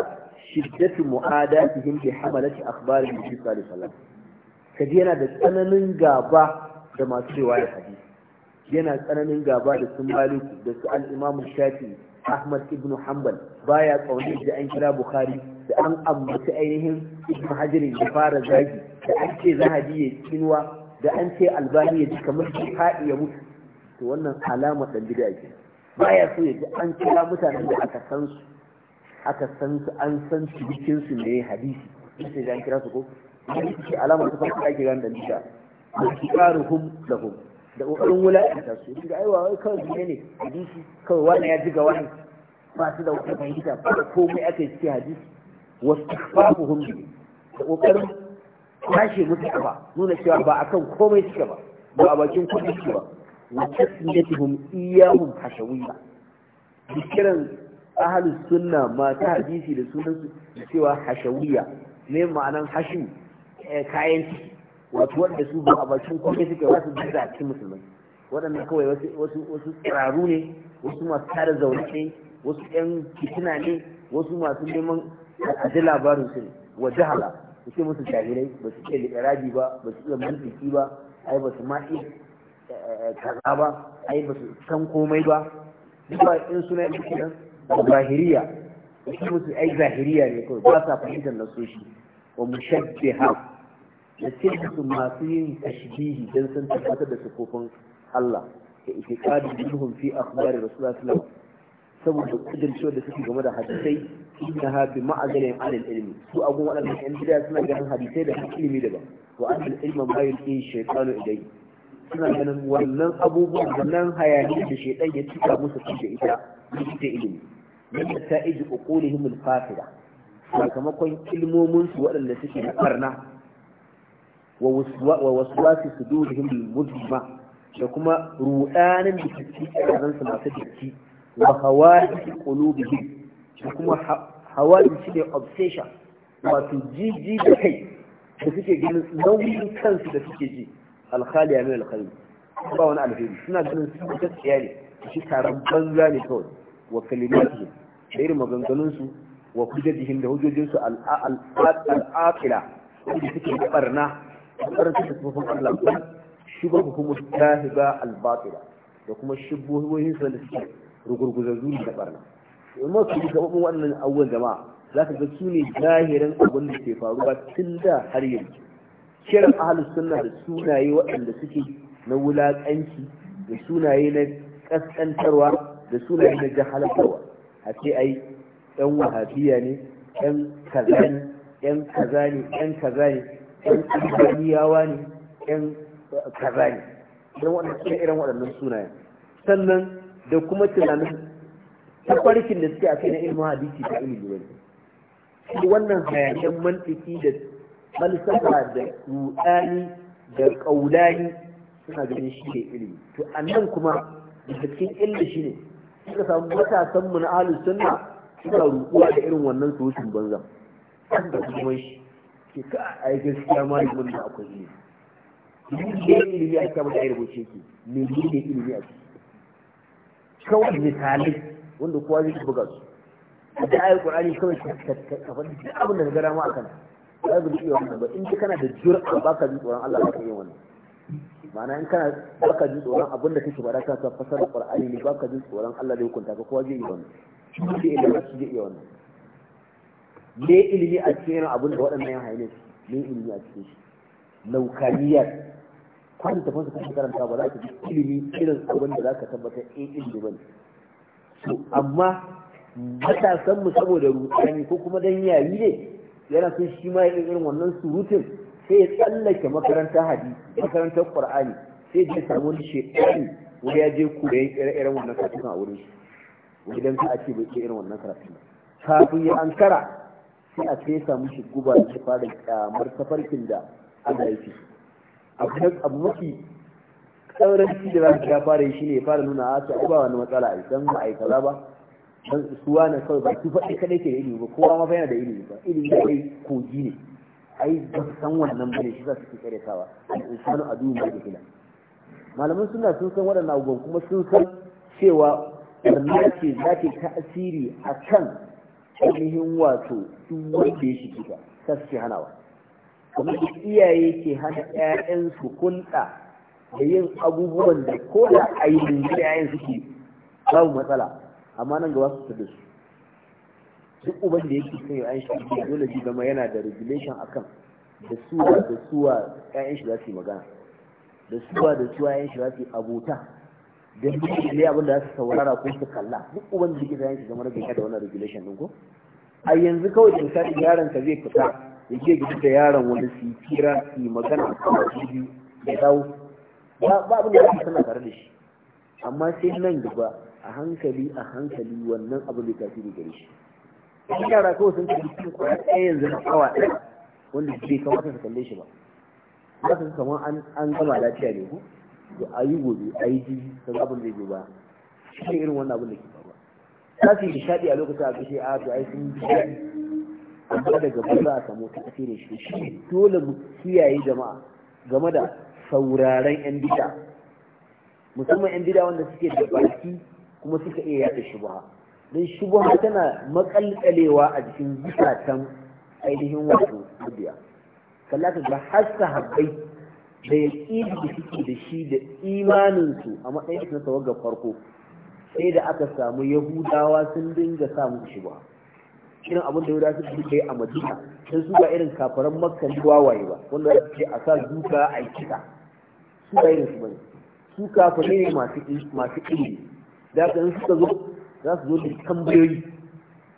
shiddatu mu'adatihim bi hamalati akhbari nabi sallallahu alaihi wasallam kaji yana da tsananin gaba da masu da hadisi yana tsananin gaba da sun da su al-imamu shafi'i Ahmad ibn Hanbal baya kauli da an kira Bukhari da an ambaci ainihin Ibn Hajar da fara zagi da an ce Zahabi ya kinwa da an ce Albani ya ji kamar shi ya mutu to wannan alama dan bid'a ce baya so ya ji an kira mutanen da aka san su aka san su an san su cikin su ne hadisi sai da an kira su ko hadisi alama ta farko ake ran dan bid'a al-kibaruhum lahum da kokarin wulakanta su daga aiwa wai kawai zuwa ne hadisi kawai wani ya jiga wani ba su da wata fahimta ba da komai aka yi cikin hadisi wasu hun biyu da ƙoƙarin tashi musu kafa nuna cewa ba a kan komai suke ba ba a bakin kudi suke ba wa tasmiyatuhum iyahum hashawiyya kiran ahlus sunna ma ta hadisi da sunan su cewa hashawiyya ne ma'anan hashu eh, kayan ciki wato wanda su ba a bakin kome suke wasu jirga a cikin musulmai waɗannan kawai wasu tsararru ne wasu masu tara zaune ne wasu ƴan fitina ne wasu masu neman a ji labarin su ne wa jahala su ce musu jahilai ba su iya liƙarabi ba ba su iya mantiki ba ai ba su ma eh, eh, kaza ba ai ba su san komai ba duk ba in suna yin kenan zahiriya su musu ai zahiriya ne kawai ba sa fahimtar nasoshi wa mushabbiha da ce masu yin tashbihi don sun tabbatar da sifofin Allah da itiqadi minhum fi akhbari rasulullah sallallahu saboda kudurcewa da suke game da hadisai inna ha bi ma'azalin alil ilmi su agun waɗannan yan bid'a suna ganin hadisai da ilimi daban wa annal ilma ma yulqi shaytanu ilayhi suna ganin wannan abubuwan wannan hayani da shaytan ya cika musu da ita da ilimi min ta'ij uqulihim al-fasida sakamakon ilmomin su waɗanda suke na barna wa waswasi sudurihim al-muzma da kuma rudanin da take cikin su masu datti wa hawa'i qulubihim da kuma hawa'i shine obsession wato jiji da kai da suke ganin nauyin kansu da suke ji alkhaliya min alkhali ba wani alheri suna ganin su gaskiya ne shi taron banza ne kawai wa maganganunsu wa hujjajihim da hujjojinsu al'aqila wanda suke barna ƙarfi da sufofin Allah ba shubar hukumar zahiga albatira da kuma shubuhohin sa da suke rugurguzazzu da barna in ma su gaɓaɓɓun wannan awwal jama'a za ka ga su ne zahirin abin da ke faruwa tun da har yanzu kiran ahalus sunna da sunaye waɗanda suke na wulaƙanci da sunaye na ƙasƙantarwa da sunaye na jahalantarwa a ce ai ɗan wahabiya ne ɗan kaza ne ɗan kaza ne ɗan kaza ne yan ne yan kaza ne irin suna irin waɗannan sunayen sannan da kuma tunanin tafarkin da suke a kai na ilmin hadisi ta ilimi wani shi wannan hayanin mantiki da falsafa da rudani da kaulani suna ganin shi ne ilimi to annan kuma da cikin illa shi ne suka samu matasan mu na ahlus sunna suna rukuwa da irin wannan sosin banza da kuma shi ke ka a yi gaskiya malamin da akwai ne ne ilimi a kama da ya rubuce ki ne ne ilimi a ciki kawai misali wanda kowa zai buga su da ayar qur'ani kawai ka faɗi duk abin da ka gara ma akan ba zai iya wannan ba in kana da jur'a ba ka ji tsoron Allah ba ka yi wannan ma'ana in kana ba ka ji tsoron abin da kake faɗa ka fasara qur'ani ne ba ka ji tsoron Allah zai hukunta ka kowa zai yi wannan shi ne da shi zai iya wannan me ilimi a cikin irin abin da waɗannan yan hayanin me ilimi a cikin shi laukaniyar kwan da fasa kashe karanta ba za ka ji ilimi irin abin da za ka tabbatar in eh ilimi ba ne to amma matasan mu saboda rutani ko kuma dan yayi ne yana son shi ma yin irin wannan surutun sai ya tsallake makaranta hadisi makarantar qur'ani sai ya samu wani shekaru wani ya je ya ire-iren wannan karatun a wurin shi wani dan ka a ce bai irin wannan karatun ba kafin ya ankara sai a fesa mushi guba da fara kyamar tafarkin da Allah ya fi abu mafi tsauranci da za ka fara shi ne fara nuna a ta ba wani matsala a idan ba kaza ba dan suwa na kawai ba su faɗi kadai ke da ilimi ba kowa ma yana da ilimi ba ilimi da kai kogi ne ai ba su san wannan bane shi za su ke karyatawa al'insanu a duniya da da malaman suna sun san waɗannan abubuwan kuma sun san cewa barna ce za ta tasiri a kan ainihin wato duk wanda ya shiga ta ta suke hanawa kuma iyaye ke hana ƴaƴansu hulɗa da yin abubuwan da ko da ainihin ƴaƴan suke babu matsala amma nan gaba su da su duk uban da yake son ƴaƴan shi dole ji zama yana da regulation akan da suwa da suwa ƴaƴan shi za su yi magana da suwa da suwa ƴaƴan shi za su yi abota da ne abin da za su saurara ko su kalla duk uban da yake zai game da bai da wannan regulation din ko a yanzu kawai da misali yaron ka zai fita ya je gidi da yaron wani su kira su magana a kan biyu ya dawo ba abin da za su tare da shi amma sai nan gaba a hankali a hankali wannan abin da tasiri gare shi shi yara kawai sun tafi cikin kwaya ɗaya yanzu na awa ɗaya wanda bai kamata su kalle shi ba za su kamar an gama lafiya ne ko da a yi gobe a yi jiji kan abin da ya ba shi ne irin wannan abin da ke faruwa Ta fi nishaɗi a lokacin a kashe a to ai sun amma daga ba za a samu ta da shi shi dole mu kiyaye jama'a game da sauraren yan bida musamman yan bida wanda suke da baki kuma suka iya yaɗa shubuha don shubuha tana makalkalewa a jikin zukatan ainihin wato dubiya Kallaka ga har sahabbai da yaƙini da suke da shi da imaninsu a matsayin na tawagar farko sai da aka samu yahudawa sun dinga samun shi ba irin abin da yahudawa suka dinga kai a madina sun su ba irin kafaran makka ni wawaye ba wanda za ce a sa duka a yi kisa su ba irin su bane su kafare ne masu ilimi da haka suka zo za su zo da tambayoyi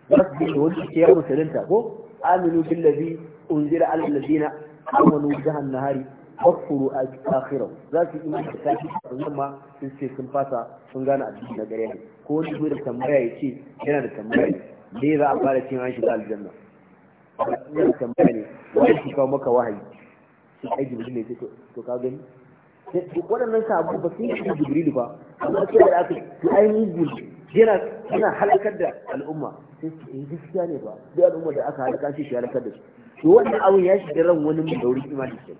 za su zo da wani ke yawon sanin ko aminu billazi unzila alal ladina amanu jahan nahari a kakirau za su yi imani da kafi zama sun ce sun fasa sun gane addini na gare ne ko wani zo da tambaya ya ce yana da tambaya ne za a fara cin hanshi shiga aljanna yana da tambaya ne wani shi kawo maka wahayi sun ai jibril ne to ka gani waɗannan sabu ba sun yi jibril ba amma sai da aka yi ai gudu yana yana halakar da al'umma sai su yi eh, gaskiya ne ba duk al'umma da aka halaka shi shi halakar da su to wannan abin ya shiga ran wani mai da imanin imani kenan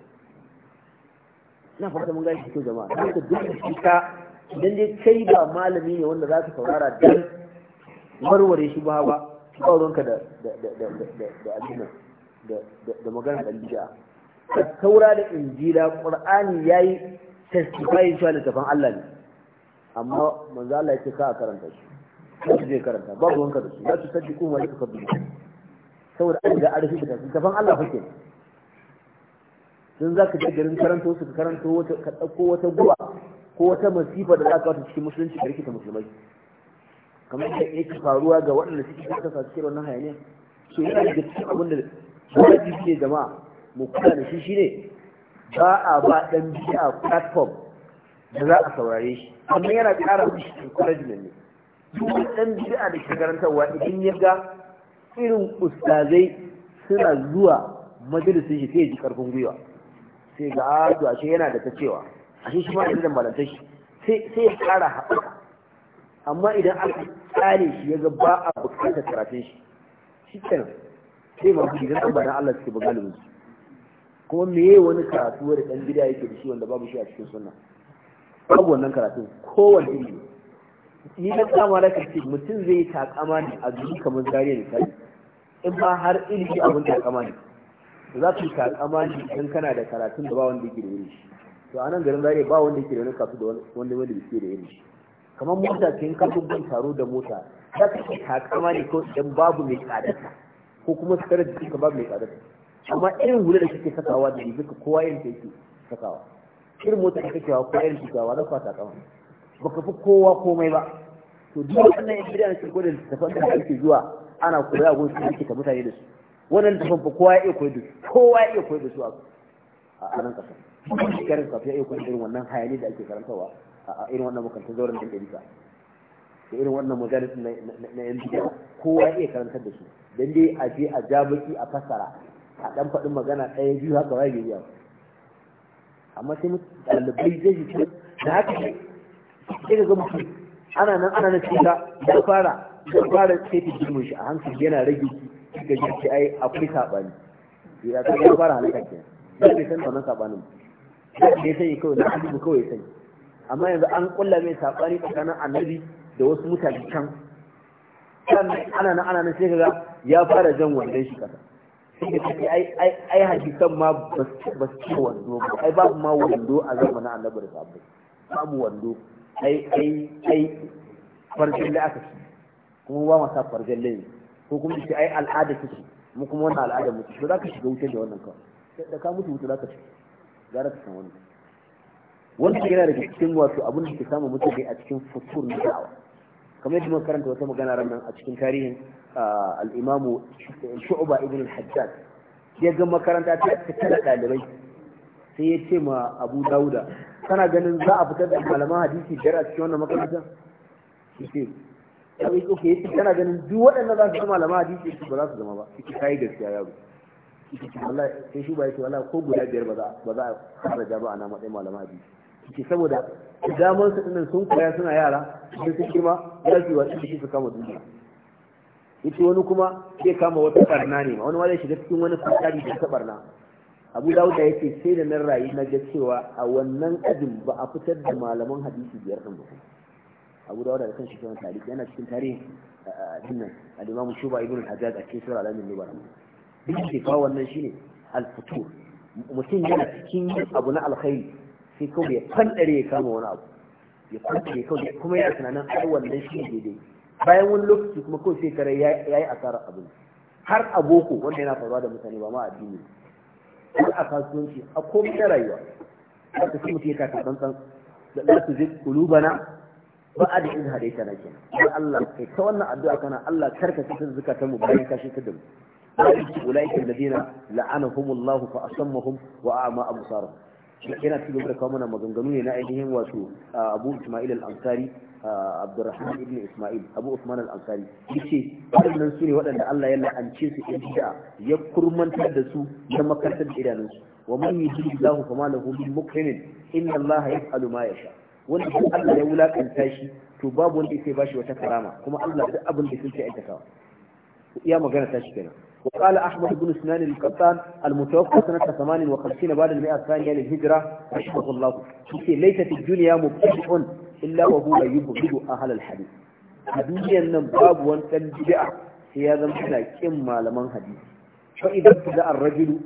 na fata mun gashi ko jama'a don ka duk shi ka dan dai kai ba malami ne wanda za ka saurara dan warware shi ba ba ka da da da da da da abin da da magana da bid'a ka taura da injila qur'ani yayi testify shi ne tafan Allah ne amma manzo Allah yake ka karanta shi ko je karanta babu wanka da su za su saddiku wa yake kabbi saboda an ga arfi da tafan Allah fake don za ka je garin karanto su ka karanto ka ɗauko wata guba ko wata masifa da za ka wata cikin musulunci ka rikita musulmai kamar yadda yake faruwa ga waɗanda suke kasa sa cikin wannan hayaniya so yana da cikin abin da wajibi ne jama'a mu kula da shi shine ba a ba ɗan biya platform da za a saurare shi amma yana ƙara mishi encouragement ne duk ɗan biya da ke karantarwa idan ya ga irin ustazai suna zuwa majalisun shi sai ya ji ƙarfin gwiwa sai ga ado ah, ashe yana da ta cewa ashe shi ma da da shi sai ya kara haɓaka amma idan aka tsare shi ya ga ba a bukatar karatun shi shi kan sai ma ku idan ba Allah suke ba galibin su kuma meye wani karatu wadda ɗan gida yake da shi wanda babu shi a cikin sunna babu wannan karatu kowanne iri ni na kama da mutum zai takama ne a duniya kamar zariya da kai in ba har ilimi abin takama ne za ku takama shi idan kana da karatun da ba wanda yake da irin shi to anan garin zai ba wanda yake da wani kasu da wanda wanda yake da irin shi kamar mota ce in ka ban taro da mota za ka takama ne ko idan babu mai tsadarsa ko kuma su karar jikin ka babu mai tsadarsa amma irin hula da kake sakawa da yanzu kowa yin ta yake sakawa irin mota da kake hawa kowa irin ta kawa za ku takama baka fi kowa komai ba to duk wannan yan gidan sun gwada littattafan da ake zuwa ana koya gun da ake ta mutane da su wannan tafan fa kowa ya iya koyi da su kowa ya iya koyi da su a nan kasa shekarun kafin ya iya koyi irin wannan hayani da ake karantarwa a irin wannan makarantar zauren da ɗarika da irin wannan majalis na yan bidiyo kowa ya iya karantar da su dan dai a je a ja a fassara a dan faɗin magana ɗaya biyu haka ba ya biya amma sai ɗalibai zai ji da haka sai ga mutum ana nan ana nan sai ya fara ya fara sai ta jimin shi a hankali yana rage ki suka ji ce ai akwai saɓani ya ka ga fara halakar ke ba bai san wannan saɓanin ba da ya sani kawai na alibu kawai ya sani amma yanzu an kulla mai saɓani tsakanin annabi da wasu mutane can sannan ana nan ana nan sai ka ya fara jan wannan shi kasa ai hakikan ma ba su ci wando ba ai babu ma wando a zamanin annabi da sabbai babu wando ai ai ai farjin da aka ci kuma ba masa farjin lai ko kuma ce ai al'ada kike mu kuma wannan al'ada mu to zaka shiga wuce da wannan kawai da ka mutu wuce zaka shiga gara ka san wannan wannan yana daga cikin wato abin da ke samu samun mutane a cikin futur na da'awa kamar yadda muka karanta wata magana ran nan a cikin tarihin al-Imam Shu'ba ibn al-Hajjaj ya ga makaranta ta cike da dalibai sai ya ce ma Abu Dawuda kana ganin za a fitar da malaman hadisi biyar a cikin wannan makarantar yace abin ke yake kana ganin duk waɗanda za su zama malama hadisi su ba za su zama ba kike kai gaskiya yaro kike wallahi sai shi ba yake wallahi ko guda biyar ba za ba za a fara jaba ana matsayin malama hadisi kike saboda damar su dinnan sun koya suna yara sai sun girma za su yi wasu kike su kama duniya ita wani kuma zai kama wata barna ne ma wani ma zai shiga cikin wani fasari da ta barna abu dauda ya ce sai da nan rayu na ga cewa a wannan ajin ba a fitar da malaman hadisi biyar ɗin ba abu dawud da kanshi kan tarihi yana cikin tarihin dinnan eh, al-imam shuba ibn al-hajjaj a cikin sura al-amin nubara duk da fa wannan shine al-futur mutum yana cikin abu na alkhairi sai kawai ya fandare ya kama wani abu ya fandare kawai kuma yana tunanin ai wannan shi daidai bayan wani lokaci kuma kawai sai kare ya yi asarar abin har a boko wanda yana faruwa da mutane ba ma addini har a kasuwanci a komai na rayuwa haka sai mutum ya kaka tsantsan da za su zai kulubana ba'a da in hade kana kenan dan Allah kai ta wannan addu'a kana Allah karka cikin zakatan mu bayan ka shekar da mu ulaika alladhina la'anahumullahu fa asammahum wa a'ma absarahum yana cikin da kawo mana maganganu ne na ainihin wato abu ismail al-ansari abdurrahman ibn ismail abu usman al-ansari yace waɗannan su ne waɗanda Allah ya la'ance su in da ya kurmantar da su na makarantar idanunsu wa man yuhibbu Allahu fama lahu min mukrimin inna Allah yaf'alu ma yasha' wanda duk Allah ya wulakanta shi to babu wanda yake bashi wata karama kuma Allah duk abin da yake aikatawa iya magana ta shi kenan وقال أحمد بن سنان القطان المتوفى سنة 58 بعد المئة الثانية للهجرة رحمه الله ليست الدنيا مبتدئ إلا وهو يبغض أهل الحديث الدنيا النباب والتنبدع في هذا المحنى كما لمن حديث فإذا ابتدأ الرجل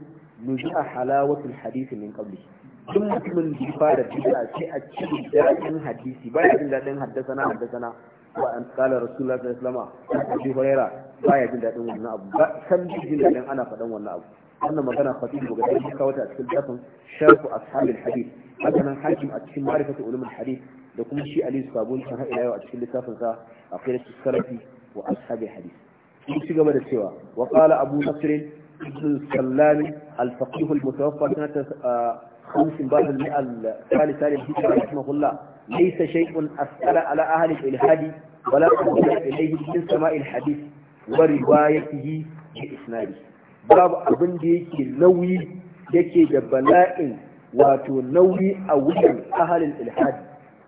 نجاء حلاوة الحديث من قبله duk mutumin da ya fara bid'a sai a cikin daɗin hadisi ba ya jin daɗin haddasana haddasana wa an kala rasulullah sallallahu alaihi wasallam abu huraira ba ya jin daɗin wannan abu ba san jin daɗin ana faɗan wannan abu wannan magana fatih daga cikin kawata a cikin dafin sharfu ashabul hadith haka nan hakim a cikin ma'rifatu ulumul hadith da kuma shi ali sabuni kan ila yau a cikin littafin sa aqidatu salafi wa ashabul hadith sun ci gaba da cewa wa qala abu nasr ibn sallam al-faqih al-mutawaffa sanata خمس بعد المئة الثالثة للهجرة رحمه الله ليس شيء أسأل على أهل الإلحاد ولا أرجع إليه من سماء الحديث وروايته بإسناده باب أبن ديك نوي ديك جبلاء واتو نوي أولا أهل الإلحاد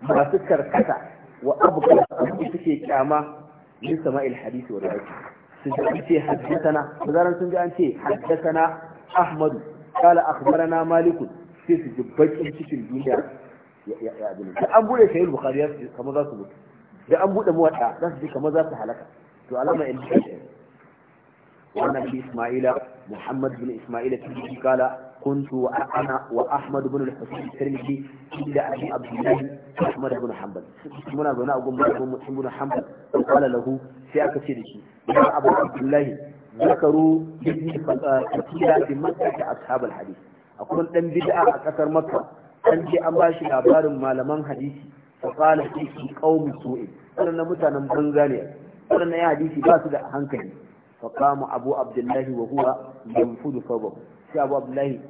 ما سكر كتا وأبقى أبقى كاما من سماء الحديث وروايته سنجي حدثنا مدارا سنجي أنت حدثنا أحمد قال أخبرنا مالك sai su ji bakin cikin duniya ya da an bude shayil bukhari ya su kamar za su mutu da an bude muwadda za su ji kamar za su halaka to alama in ji wannan shi isma'ila muhammad bin isma'ila tibi kala كنت وأنا وأحمد بن الحسين الترمذي إلا أبي عبد الله أحمد بن حنبل منا بنا أقوم بن بن حنبل وقال له في أكثر شيء يا أبو عبد الله ذكروا ابن كثيرا في مكة أصحاب الحديث akwai dan bid'a a kasar makka an ce an ba shi labarin malaman hadisi fa qala fi qaumi su'in na mutanen banza ne wannan ya hadisi ba su da hankali fa kama abu abdullahi wa huwa yanfudu sabahu shi abu abdullahi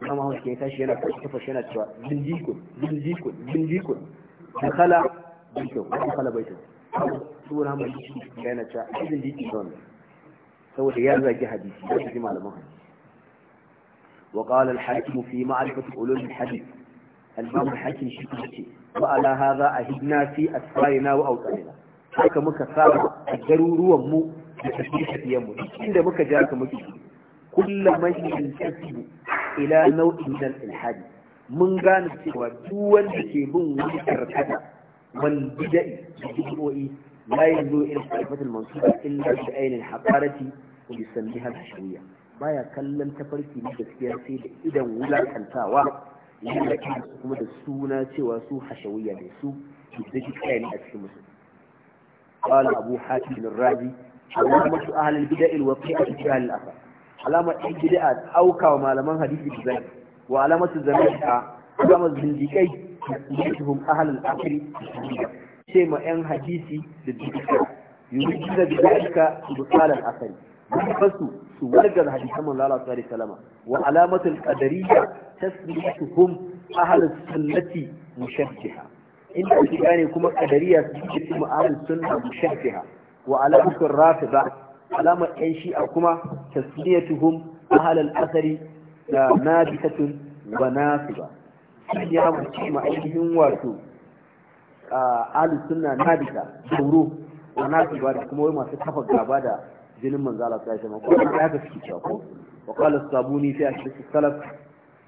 imam ahmad ke tashi yana kafa yana cewa zindiqun zindiqun zindiqun dakhala baitu dakhala baitu su na mai yana cewa zindiqun saboda ya zagi hadisi da malaman hadisi وقال الحاكم في معرفة علوم الحديث الإمام الحاكم شكيتي وعلى هذا أهدنا في أسفارنا وأوطاننا haka muka saba a garuruwan mu da tafiye mu inda muka ji haka muke kullum mai tasiru ila nau'in nan ilhadi mun gane cewa duk wanda ke bin wani karkata wal bida'i da bid'o'i la yanzu ila baya kallon tafarki na gaskiya sai da idan wulakantawa yana kuma da suna cewa su hashawiyya ne su kiddaki kaya a cikin musu kwallo abu hati min rabi Allah kuma ahalin bida ilwa a cikin ahalin asa alama ɗin gida a ɗauka wa malaman hadisi da zai wa alama su zama a zama zindikai da kuma ahalin asiri ce ma ƴan hadisi da zindikai yuri gida da zai ka su bukalar asali manufarsu su wargar hadisan manzo Allah sallallahu alaihi wasallam wa alamatul qadariyya tasbihatuhum ahlus sunnati mushaffiha in da shi gane kuma qadariyya su ce su ahlus sunna mushaffiha wa alamatul rafida alama ɗan a kuma tasbihatuhum ahlul asari da nabitatun wa nasiba sun ya mutu ma ainihin wato ahlus sunna nabita tsoro wa nasiba da kuma wai masu kafa gaba da jinin manzo Allah sallallahu alaihi ko haka suke ta ko wa qala sabuni fi ashrik salaf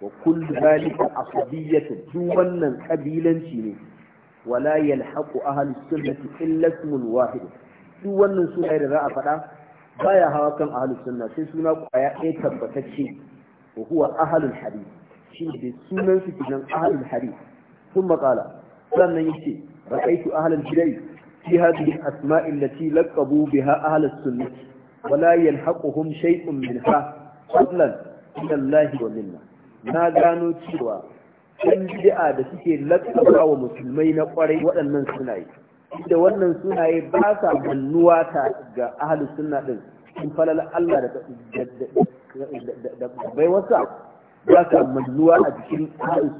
wa kull zalika asabiyyatu duk wannan kabilanci ne wala yalhaqu ahli sunnati illa ismul wahid duk wannan sunaye da za a faɗa baya hawa kan ahli sunna sai suna kwaya ɗaya tabbatacce wa huwa ahlul hadith shi ne sunan su kinan ahlul hadith sun maƙala sannan yace ra'aytu ahlul bidai fi hadhihi asma'i allati laqabu biha ahlus sunnah wala yalhaquhum shay'un minha fadlan min Allah wa minna na gano cewa ɗan bid'a da suke lakkaba wa musulmai na kwarai waɗannan sunaye inda wannan sunaye ba sa mannuwa ta ga ahlus din Sun falal Allah da da wasa ba sa mannuwa a cikin ahlus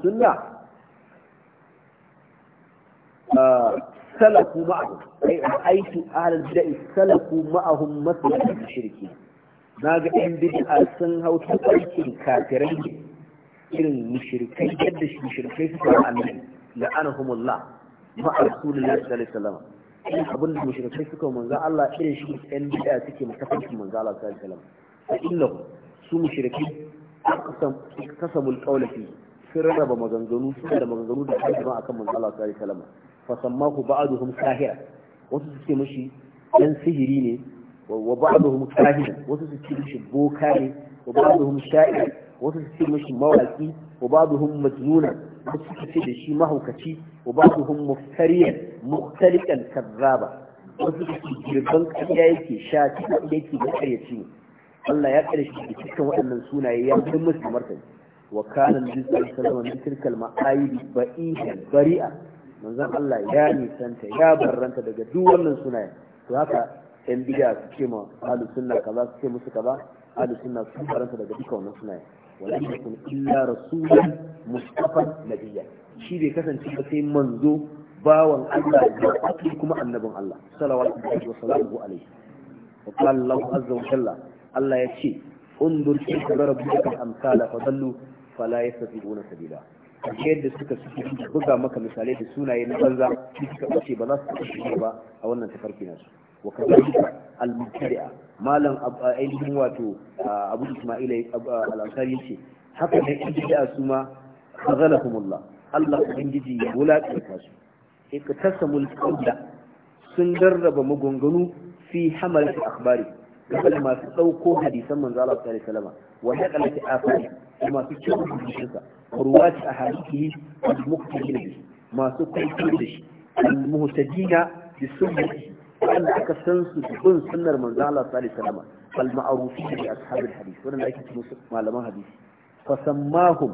salaku ma'ahum ai aitu ahlul bid'ah salaku ma'ahum masalatu shirki naga ɗan bid'a sun hau ta aikin kafirai irin mushrikai yadda mushrikai suka yi annabi la'anahumullah ma rasulullahi sallallahu alaihi wasallam abin da mushrikai suka manzo Allah irin shi ɗan bid'a suke mutafakin manzo Allah sallallahu alaihi wasallam fa innahu su mushrikai aqsam aqsamul qawla sun rarraba maganganu su da maganganu da kuma akan manzo Allah sallallahu alaihi fa sammahu ba'duhum sahira wasu su ce mishi dan sihiri ne wa ba'duhum sahira. wasu su ce mishi boka ne wa ba'duhum sha'ir wasu su ce mishi mawaki wa ba'duhum majnuna wasu su ce da shi mahaukaci wa ba'duhum muftariyan mukhtaliqan kazzaba wasu su ce girban kariya yake sha cikin yake da karyaci ne Allah ya kare shi da cikin waɗannan sunaye ya fi musu martani wa kana nabi sallallahu alaihi wasallam min tilkal ma'ayibi ba'ihan bari'a manzon Allah ya nisanta ya barranta daga duk wannan sunayen to haka yan bid'a su ce ma ahlus sunna kaza su ce musu kaza ahlus sunna su barranta daga duka wannan sunayen walam yakun illa rasulun mustafa nabiyya shi bai kasance ba sai manzo bawan Allah da ake kuma annabin Allah sallallahu alaihi wa sallam alaihi wa qala Allah azza wa jalla Allah ya ce undur kayfa darabaka amsala fadallu fala yastati'una sabila kamar yadda suka suke buga maka misalai da sunaye na banza su suka ɓace ba za su taɓa shi ba a wannan tafarki nasu wa kazalika al-mubtadi'a malam ainihin wato abu isma'ila al-ansari yace haka ne in suma su ma khazalahumullah Allah ubangiji ya wulaƙanta su iqtasamul qawla sun garraba maganganu fi hamal akhbari game da masu ɗauko hadisan manzo Allah sallallahu alaihi wasallam wa naqalati afari masu kyau hadisansa ruwati ahadithi wal muqtadin bihi masu kwaikwayo da shi al muhtajina bi sunnati wanda aka san su bin sunnar manzo Allah sallallahu alaihi wasallam al ma'rufin bi ashabil hadith wanda ake ce musu malaman hadisi fasammahum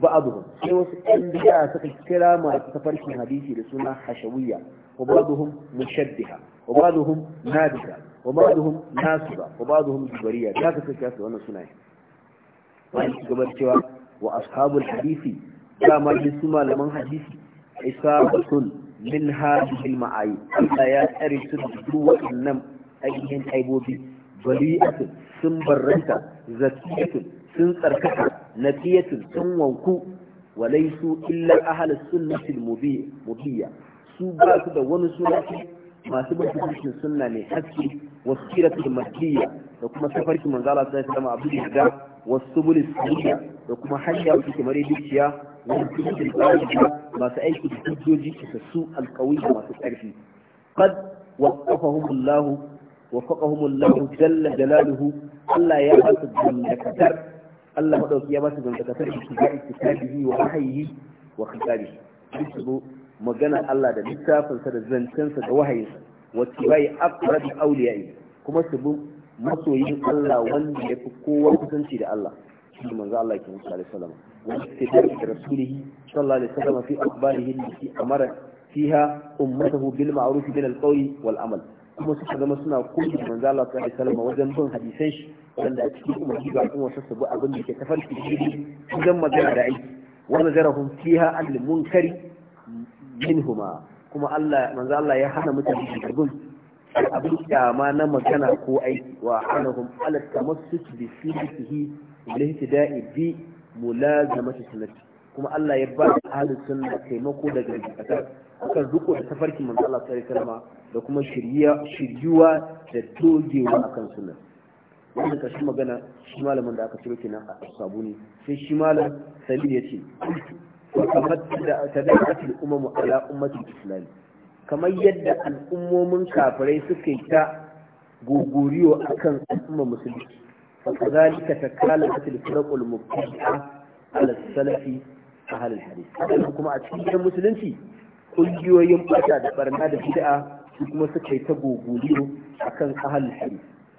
ba'dhum sai wasu ɗan bid'a suka kira masu tafarkin hadisi da suna hashawiyya wa ba'dhum mushabbiha wa ba'dhum nabita wa ba'dhum nasiba wa ba'dhum jibariya ya ka kace su wannan sunaye wani gabar cewa wa ashabul hadisi dama duk su malaman hadisi isabatun min hadhihi al-ma'ayib ya tsare duk waɗannan ainihin aibobi bari'atun sun barranta zakiyatun sun tsarkaka nafiyatun sun wanku walaisu illa ahlus sunnati al-mubiyya su ba su da wani sunna masu bin sunna mai haske wasirati makiyya da kuma safarki manzo Allah sallallahu alaihi wasallam abu da wasu bulis da kuma hanya wacce ke mare dukiya wani cikin tsariya masu aiki da hujjoji isassu alkawai da masu ƙarfi qad waqafahum Allah wafaqahum Allah jalla jalaluhu Allah ya ba su dangantakar Allah madauki ya ba su dangantakar da shiga ikitabihi wa wahayi wa khitabihi duk magana Allah da littafinsa da zancensa da wahayinsa واتباع أقرب أوليائه كما سبو masoyin Allah wanda ya fi kowa kusanci da Allah shi manzo Allah ke musu alaihi salama wanda ke da rasulihi sallallahu alaihi wasallam fi akhbarihi allati amara fiha ummatahu bil ma'ruf min al-qawli wal amal kuma suka zama suna koyi manzo Allah sallallahu wajen bin hadisan shi wanda a cikin umarni ga kuma wasu sabu abin da ke tafarki shi wajen magana da aiki wa nazarahum fiha al-munkari minhuma kuma Allah manzo Allah ya hana mutane shirgun abin kyama na magana ko aiki wa hanahum ala tamassuk bi fihi wal ihtida'i bi mulazamati sunnati kuma Allah ya ba ahlus sunna taimako daga kasar akan riko da tafarkin manzo Allah sallallahu alaihi wasallam da kuma shiriya shiriyuwa da dogewa akan sunna wannan kashi magana shi malamin da aka ciro kenan a sabuni sai shi malam salim ya ce kamar da tadaqatul kamar yadda al'ummomin kafirai suka yi ta gogoriyo akan al'umma musulmi fa kadhalika takalafat firqul mubtadi'a ala salafi ahal al-hadith kuma a cikin musulunci kungiyoyin bata da barna da bid'a kuma suka yi ta gogoriyo akan ahal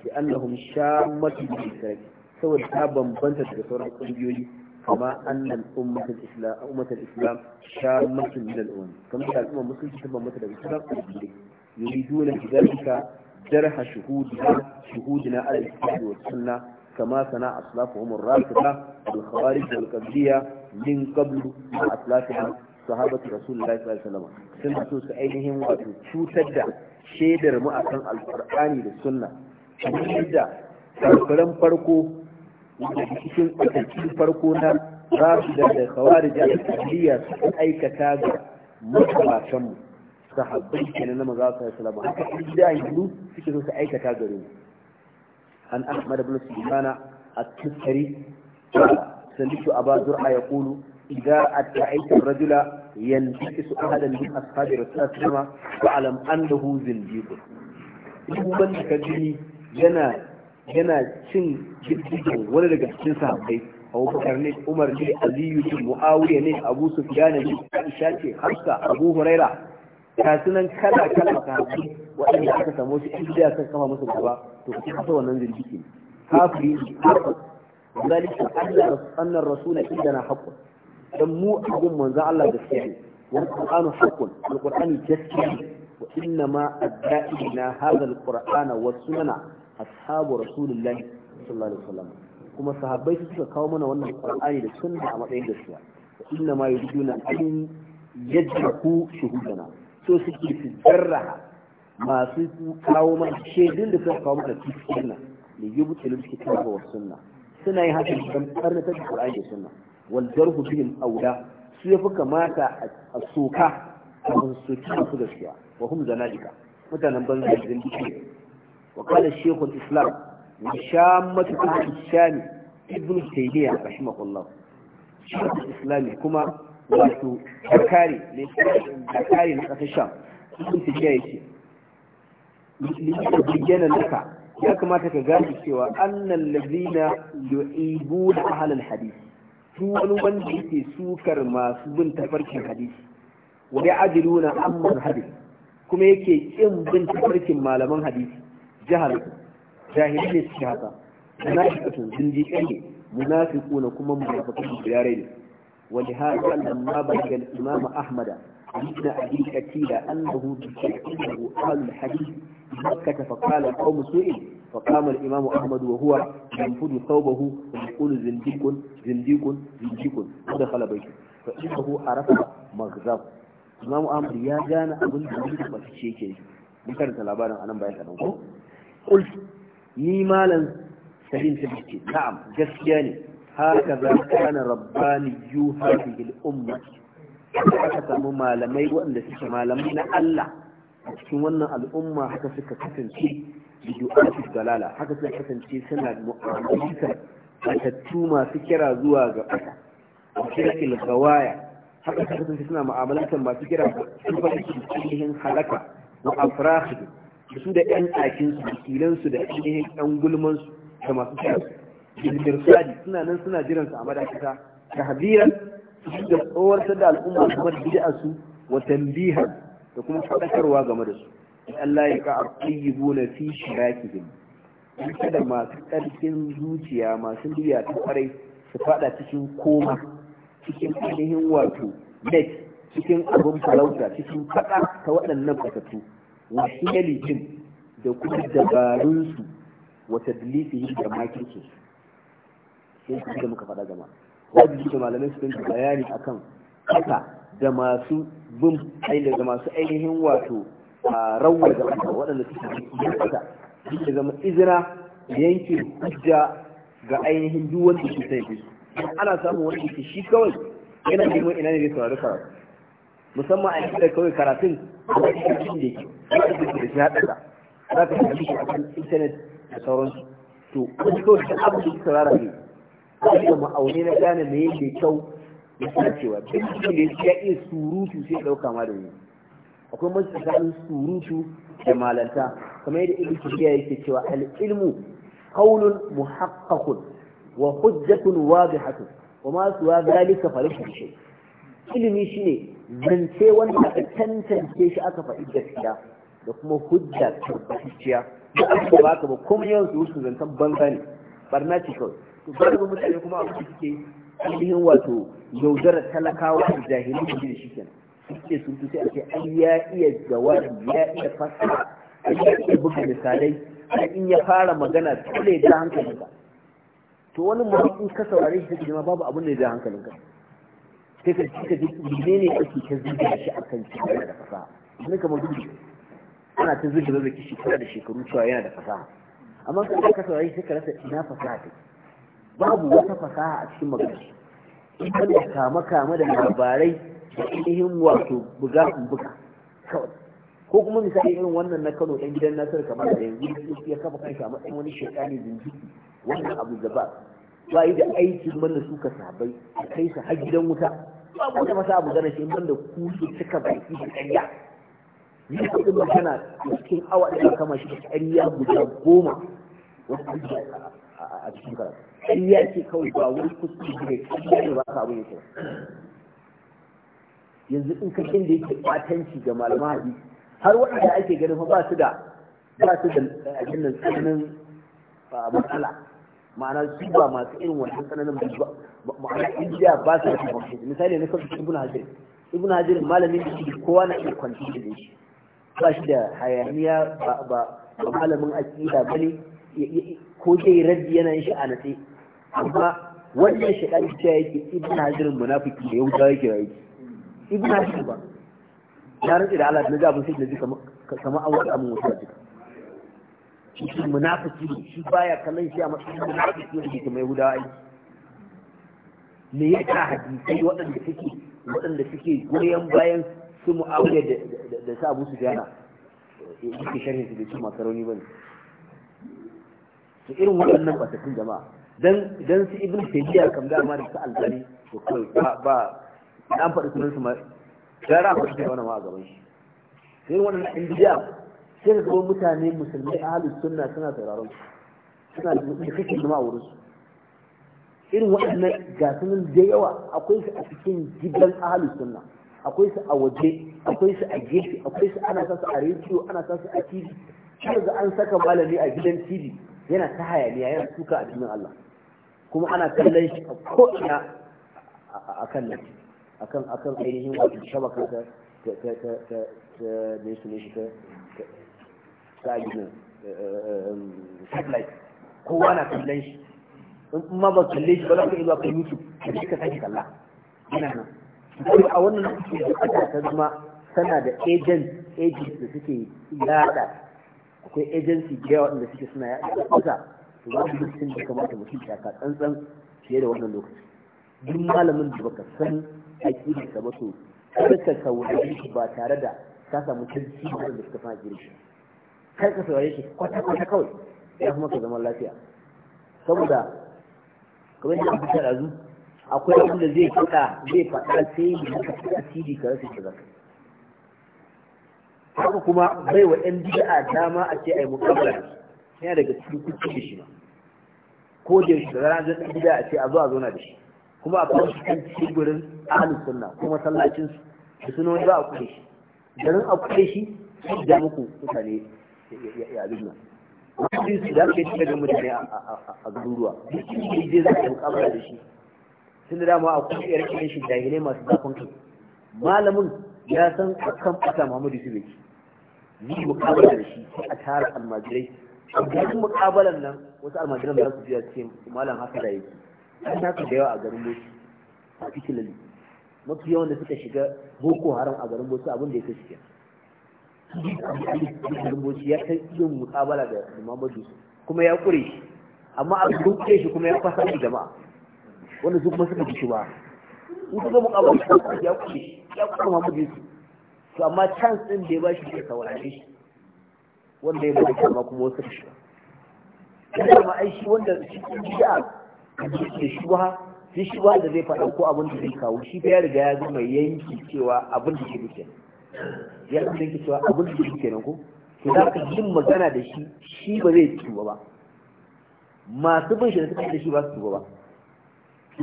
ke hadith bi saboda ta bambanta daga sauran kungiyoyi kama annal ummatul islam ummatul islam shammatun min al-umam kamar da al'umma musulunci ta bambanta daga islam yuriduna bidalika jarha shuhudina shuhudina ala al-kitab wa sunnah كما صنع أسلافهم الرافضة والخوارج والقبلية من قبل مع صحابة رسول الله صلى الله عليه وسلم سنة سوس أينهم وتشوتد شيدر مؤسن القرآن للسنة شدد فرقلن فرقو cikin tsakakin farko na rafida da kawari da al'adiyya sun aikata ga mutabatanmu sahabbai kenan na maza su salama haka da yanzu suke so su aikata gare mu an ahmad ibn sulmana at-tusari سمعت أبا زرعة يقول إذا أتعيت الرجل ينتكس أحدا من أصحاب رسول الله صلى الله عليه وسلم فاعلم أنه زنديق. إذا من كجني yana. yana cin diddigin wani daga cikin sahabbai abubakar ne umar ne aliyu ne muawiya ne abu sufyan ne aisha ce hafsa abu huraira ga nan kala kala sahabbai waɗanda aka samu su in da suka kama musu gaba to ka kasa wannan zindiki kafiri ne zalika Allah annar rasula na haqqun dan mu abun manzo Allah da gaskiya ne والقرآن حق القرآن جسد وإنما أدائنا هذا القرآن والسنن ashabu rasulullahi sallallahu alaihi wasallam kuma sahabbai suka kawo mana wannan qur'ani da sunna a matsayin gaskiya inna ma yujuna an yajraku shuhudana so suke su masu kawo mana shaidun da suka kawo mana cikin nan da kitaba wa sunna suna yin haka don karnatar da qur'ani da sunna wal jarhu bihim awla su yafi kamata a soka a su su gaskiya wa hum zanadika mutanen banza da dindiki وقال الشيخ الإسلام وشامة أهل الشام ابن تيمية رحمه الله شيخ الإسلام كما wato zakari ne zakari na ƙasar sham sun fi ya yake bayyana naka ya kamata ka gane cewa annan lazina yu'ibu da ahalal hadisi su wanda yake sukar masu bin tafarkin hadisi wa ya adilu na kuma yake kin bin tafarkin malaman hadisi jahal jahiliyya suke haka na shi kasan zindiƙe ne munafiku na kuma munafiku da yare ne wani haka nan ma ba ga imam ahmada ibn abi katila annahu bi shaykhihi qala al hadith makka fa qala qawm su'i fa qama al imam ahmad wa huwa yanfudu wa yaqulu zindiqun zindiqun zindiqun da khala bayti fa innahu arafa maghzab imam ahmad ya gana abin da yake ba shi yake mun karanta labarin anan bayan kadan ko قلت ني مالا سليم سبحتي نعم جسياني هكذا كان رباني هذه الأمة حتى ممالمي وأن لسك مالمين ألا cikin wannan al'umma haka suka kasance bidu'atul dalala haka suka kasance suna mu'amalar matattu masu kira zuwa ga ƙasa a shirkil gawaya haka suka kasance suna mu'amalar masu kira ga cikin halaka wa afrahi da su da yan tsakin su da ainihin yan gulman su da masu tsaya bilbirsadi suna nan suna jiran su a madakata da habiran su da ta da al'umma kamar bid'a su wa tambiha da kuma faɗakarwa game da su Allah ya ka aqibuna fi shirakihim kada masu ƙarfin zuciya masu biya ta ƙwarai, su faɗa cikin koma cikin ainihin wato net cikin abin farauta cikin faɗa ta waɗannan fatattu wa hiyalihim da kuma dabarunsu wa tadlisihim da makirsu sai su da muka faɗa gama wajibi da malamai su dinga bayani akan haka da masu bin aile da masu ainihin wato a rawar da aka waɗanda suke yin haka suke zama izina yanke hujja ga ainihin duk wanda ke sai su ana samun wanda ke shi kawai yana neman ina ne zai saurari karatu musamman a yankin da kawai karatun a wani yankin da ke ba da da shi haɗa za ka sami shi a kan intanet da sauransu to wani kawai da abin da suka rara ne ba da ma'aune na gane me yake kyau ya sa cewa duk da ya iya surutu sai ɗauka ma da wuri akwai masu tsakanin surutu da malanta kamar yadda ibn tafiya yake cewa al-ilmu qawlun muhaqqaqun wa hujjatun wadihatun wa ma suwa zalika falahu shay ilimi shine zance wanda aka tantance shi aka faɗi gaskiya da kuma hujja tabbatacciya da aka ba ka ba komai yawan su wuce zantan banza ne barna ce kawai to da mutane kuma abu suke ainihin wato yaudarar talakawa da jahilin da shi kenan suke sun fi sai a ce an ya iya jawabi ya iya fasa ya iya buga misalai in ya fara magana tole da hankalinka to wani mahaifin in ka saurare shi take babu abin da ya ja hankalinka sai ka ji ka ji ne ne ake ta zuba shi akan cikin da fasaha ne kamar gudu ana ta zuba zuba ki shekara da shekaru cewa yana da fasaha amma kan ka saurari shi ka rasa ina fasaha take babu wata fasaha a cikin magana in kan da kama kama da labarai da ainihin wato buga buga kawai ko kuma misali irin wannan na Kano dan gidan Nasir kamar da yanzu ya kafa kansa a matsayin wani shekani jinjiki wannan abu gaba ba yi da aikin mana suka sabai a kai su har gidan wuta babu wata masa abu gana shi in banda ku su cika baki da kanya yi kuɗin magana a cikin awa ɗaya kama shi da ƙarya guda goma wanda a cikin karatu ƙarya ce kawai ba wani kuskure ne ƙarya ne ba ka abin yake yanzu in ka inda yake ɓatanci ga malaman hadisi har waɗanda ake ganin ba su da ba su da eh, ajin nan tsananin matsala ma'ana su ba masu irin wannan tsananin ba ma'ana indiya ba su da kamar misali na kawai ibn hajar ibn hajar malamin da kowa na iya kwanci da shi ba shi da hayaniya ba ba malamin aƙida ba ne ko dai raddi yana yin shi a natse amma wannan shaɗan cewa yake ibn hajirin munafiki da yahudawa yake rayu ibn hajirin ba ya rantsi da Allah na ga shi sai da ji kamar an wata amin wasu jika shi munafiki ne shi baya kallon shi a matsayin munafiki ne da kuma yahudawa aiki me ya ta hadisai waɗanda suke waɗanda suke goyon bayan su mu'awiyar da sa abu su gana ke eh, sharhin su da su masu rauni bane su irin waɗannan batatun jama'a don su su ibn tayyiya kam da amma da su albani to kawai ba an faɗi sunan su ma gara ba faɗi wani ma a gaban shi Irin waɗannan indiya sai ka ga mutane musulmi a halin suna suna sauraron su suna da kake a wurin su irin waɗannan gasunan da yawa akwai su a cikin gidan ahlus sunna akwai su a waje akwai su a gefe akwai su ana sasu a rediyo ana sasu a tv har da an saka malami a gidan tv yana ta hayaniya yana tuka a cikin Allah kuma ana kallon shi a ko'ina a kan nan akan akan ainihin wato shabaka ta ta ta ta ta ne su ne shi ta ta gina satellite kowa na kallon shi in ma ba kalle shi ba za ka iya zuwa kan youtube ka je ka sake kalla ina nan kuma a wannan lokacin da ta zama tana da agent agent da suke yada akwai agency da yawa da suke suna yada kusa to ba su lokacin da kamata mutum ya ka tsantsan fiye da wannan lokaci duk malamin da baka san aƙidarsa ba to kada ka saurare shi ba tare da ka samu tarihi da suka fa girki kai ka saurare shi kwata kwata kawai ya kuma ka zama lafiya saboda kamar yadda abu ta razu akwai wanda zai fita zai faɗa sai yi haka sai asiri ka rasa shiga haka kuma bai wa ɗan bid'a dama a ce ai muƙabala yana daga cikin kuci da shi ma ko da shi da ranar ɗan bid'a a ce a zo a zauna da shi kuma a kawo shi kan cikin gurin ahalin sunna kuma sallacin su da sunan za a kuɗe shi garin a kuɗe shi sai da muku mutane ya zuna wasu su da ake cikin mutane a garuruwa duk inda zai za a yi da shi tun da dama a kuma iya rikin shi jahilai masu zafin kai malamin ya san a kan fata Muhammadu Yusuf yake ni mukabala da shi a tara almajirai a garin mukabalan nan wasu almajiran da su biya ce malam haka da yake an haka da yawa a garin Bauchi a cikin mafi yawan da suka shiga Boko Haram a garin Bauchi abin da ya kashi garin Bauchi ya kai yin mukabala da Muhammadu kuma ya kure shi amma a kure shi kuma ya fasa jama'a wanda su kuma suka fi shi ba in ka gama abu ya kuɗe ya kuɗe ma kuɗe su to amma chance ɗin da ya ba shi ke saurari wanda ya ba shi amma kuma wasu shi ba ya ma ai shi wanda shi ke bid'a da shi ba sai shi ba da zai faɗa ko abin da zai kawo shi ta ya riga ya zama yanki cewa abin da ke duke ya zama yanki cewa abin da ke duke ko to za ka jin magana da shi shi ba zai tuba ba masu bin shi da suka yi da shi ba su tuba ba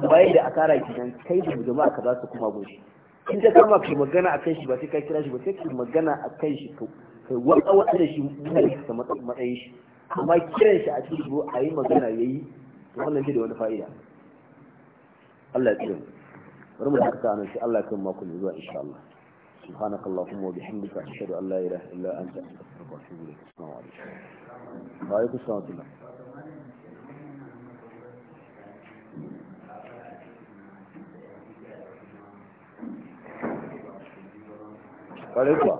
bayan da asara kenan kai da jama'a ka za su kuma goshi in ta kama kai magana a kan shi ba sai ka kira shi ba sai ka magana a kan shi to kai wata wata da shi mutane ta matsayin shi amma kiran shi a cikin go a yi magana ya yi wannan bai da wani fa'ida Allah ya tsira bari mu dakata anan sai Allah ya kai mako mai zuwa insha Allah سبحانك اللهم وبحمدك أشهد أن لا إله إلا أنت أستغفرك وأتوب إليك السلام عليكم وعليكم السلام ورحمة الله ƙwarai kuwa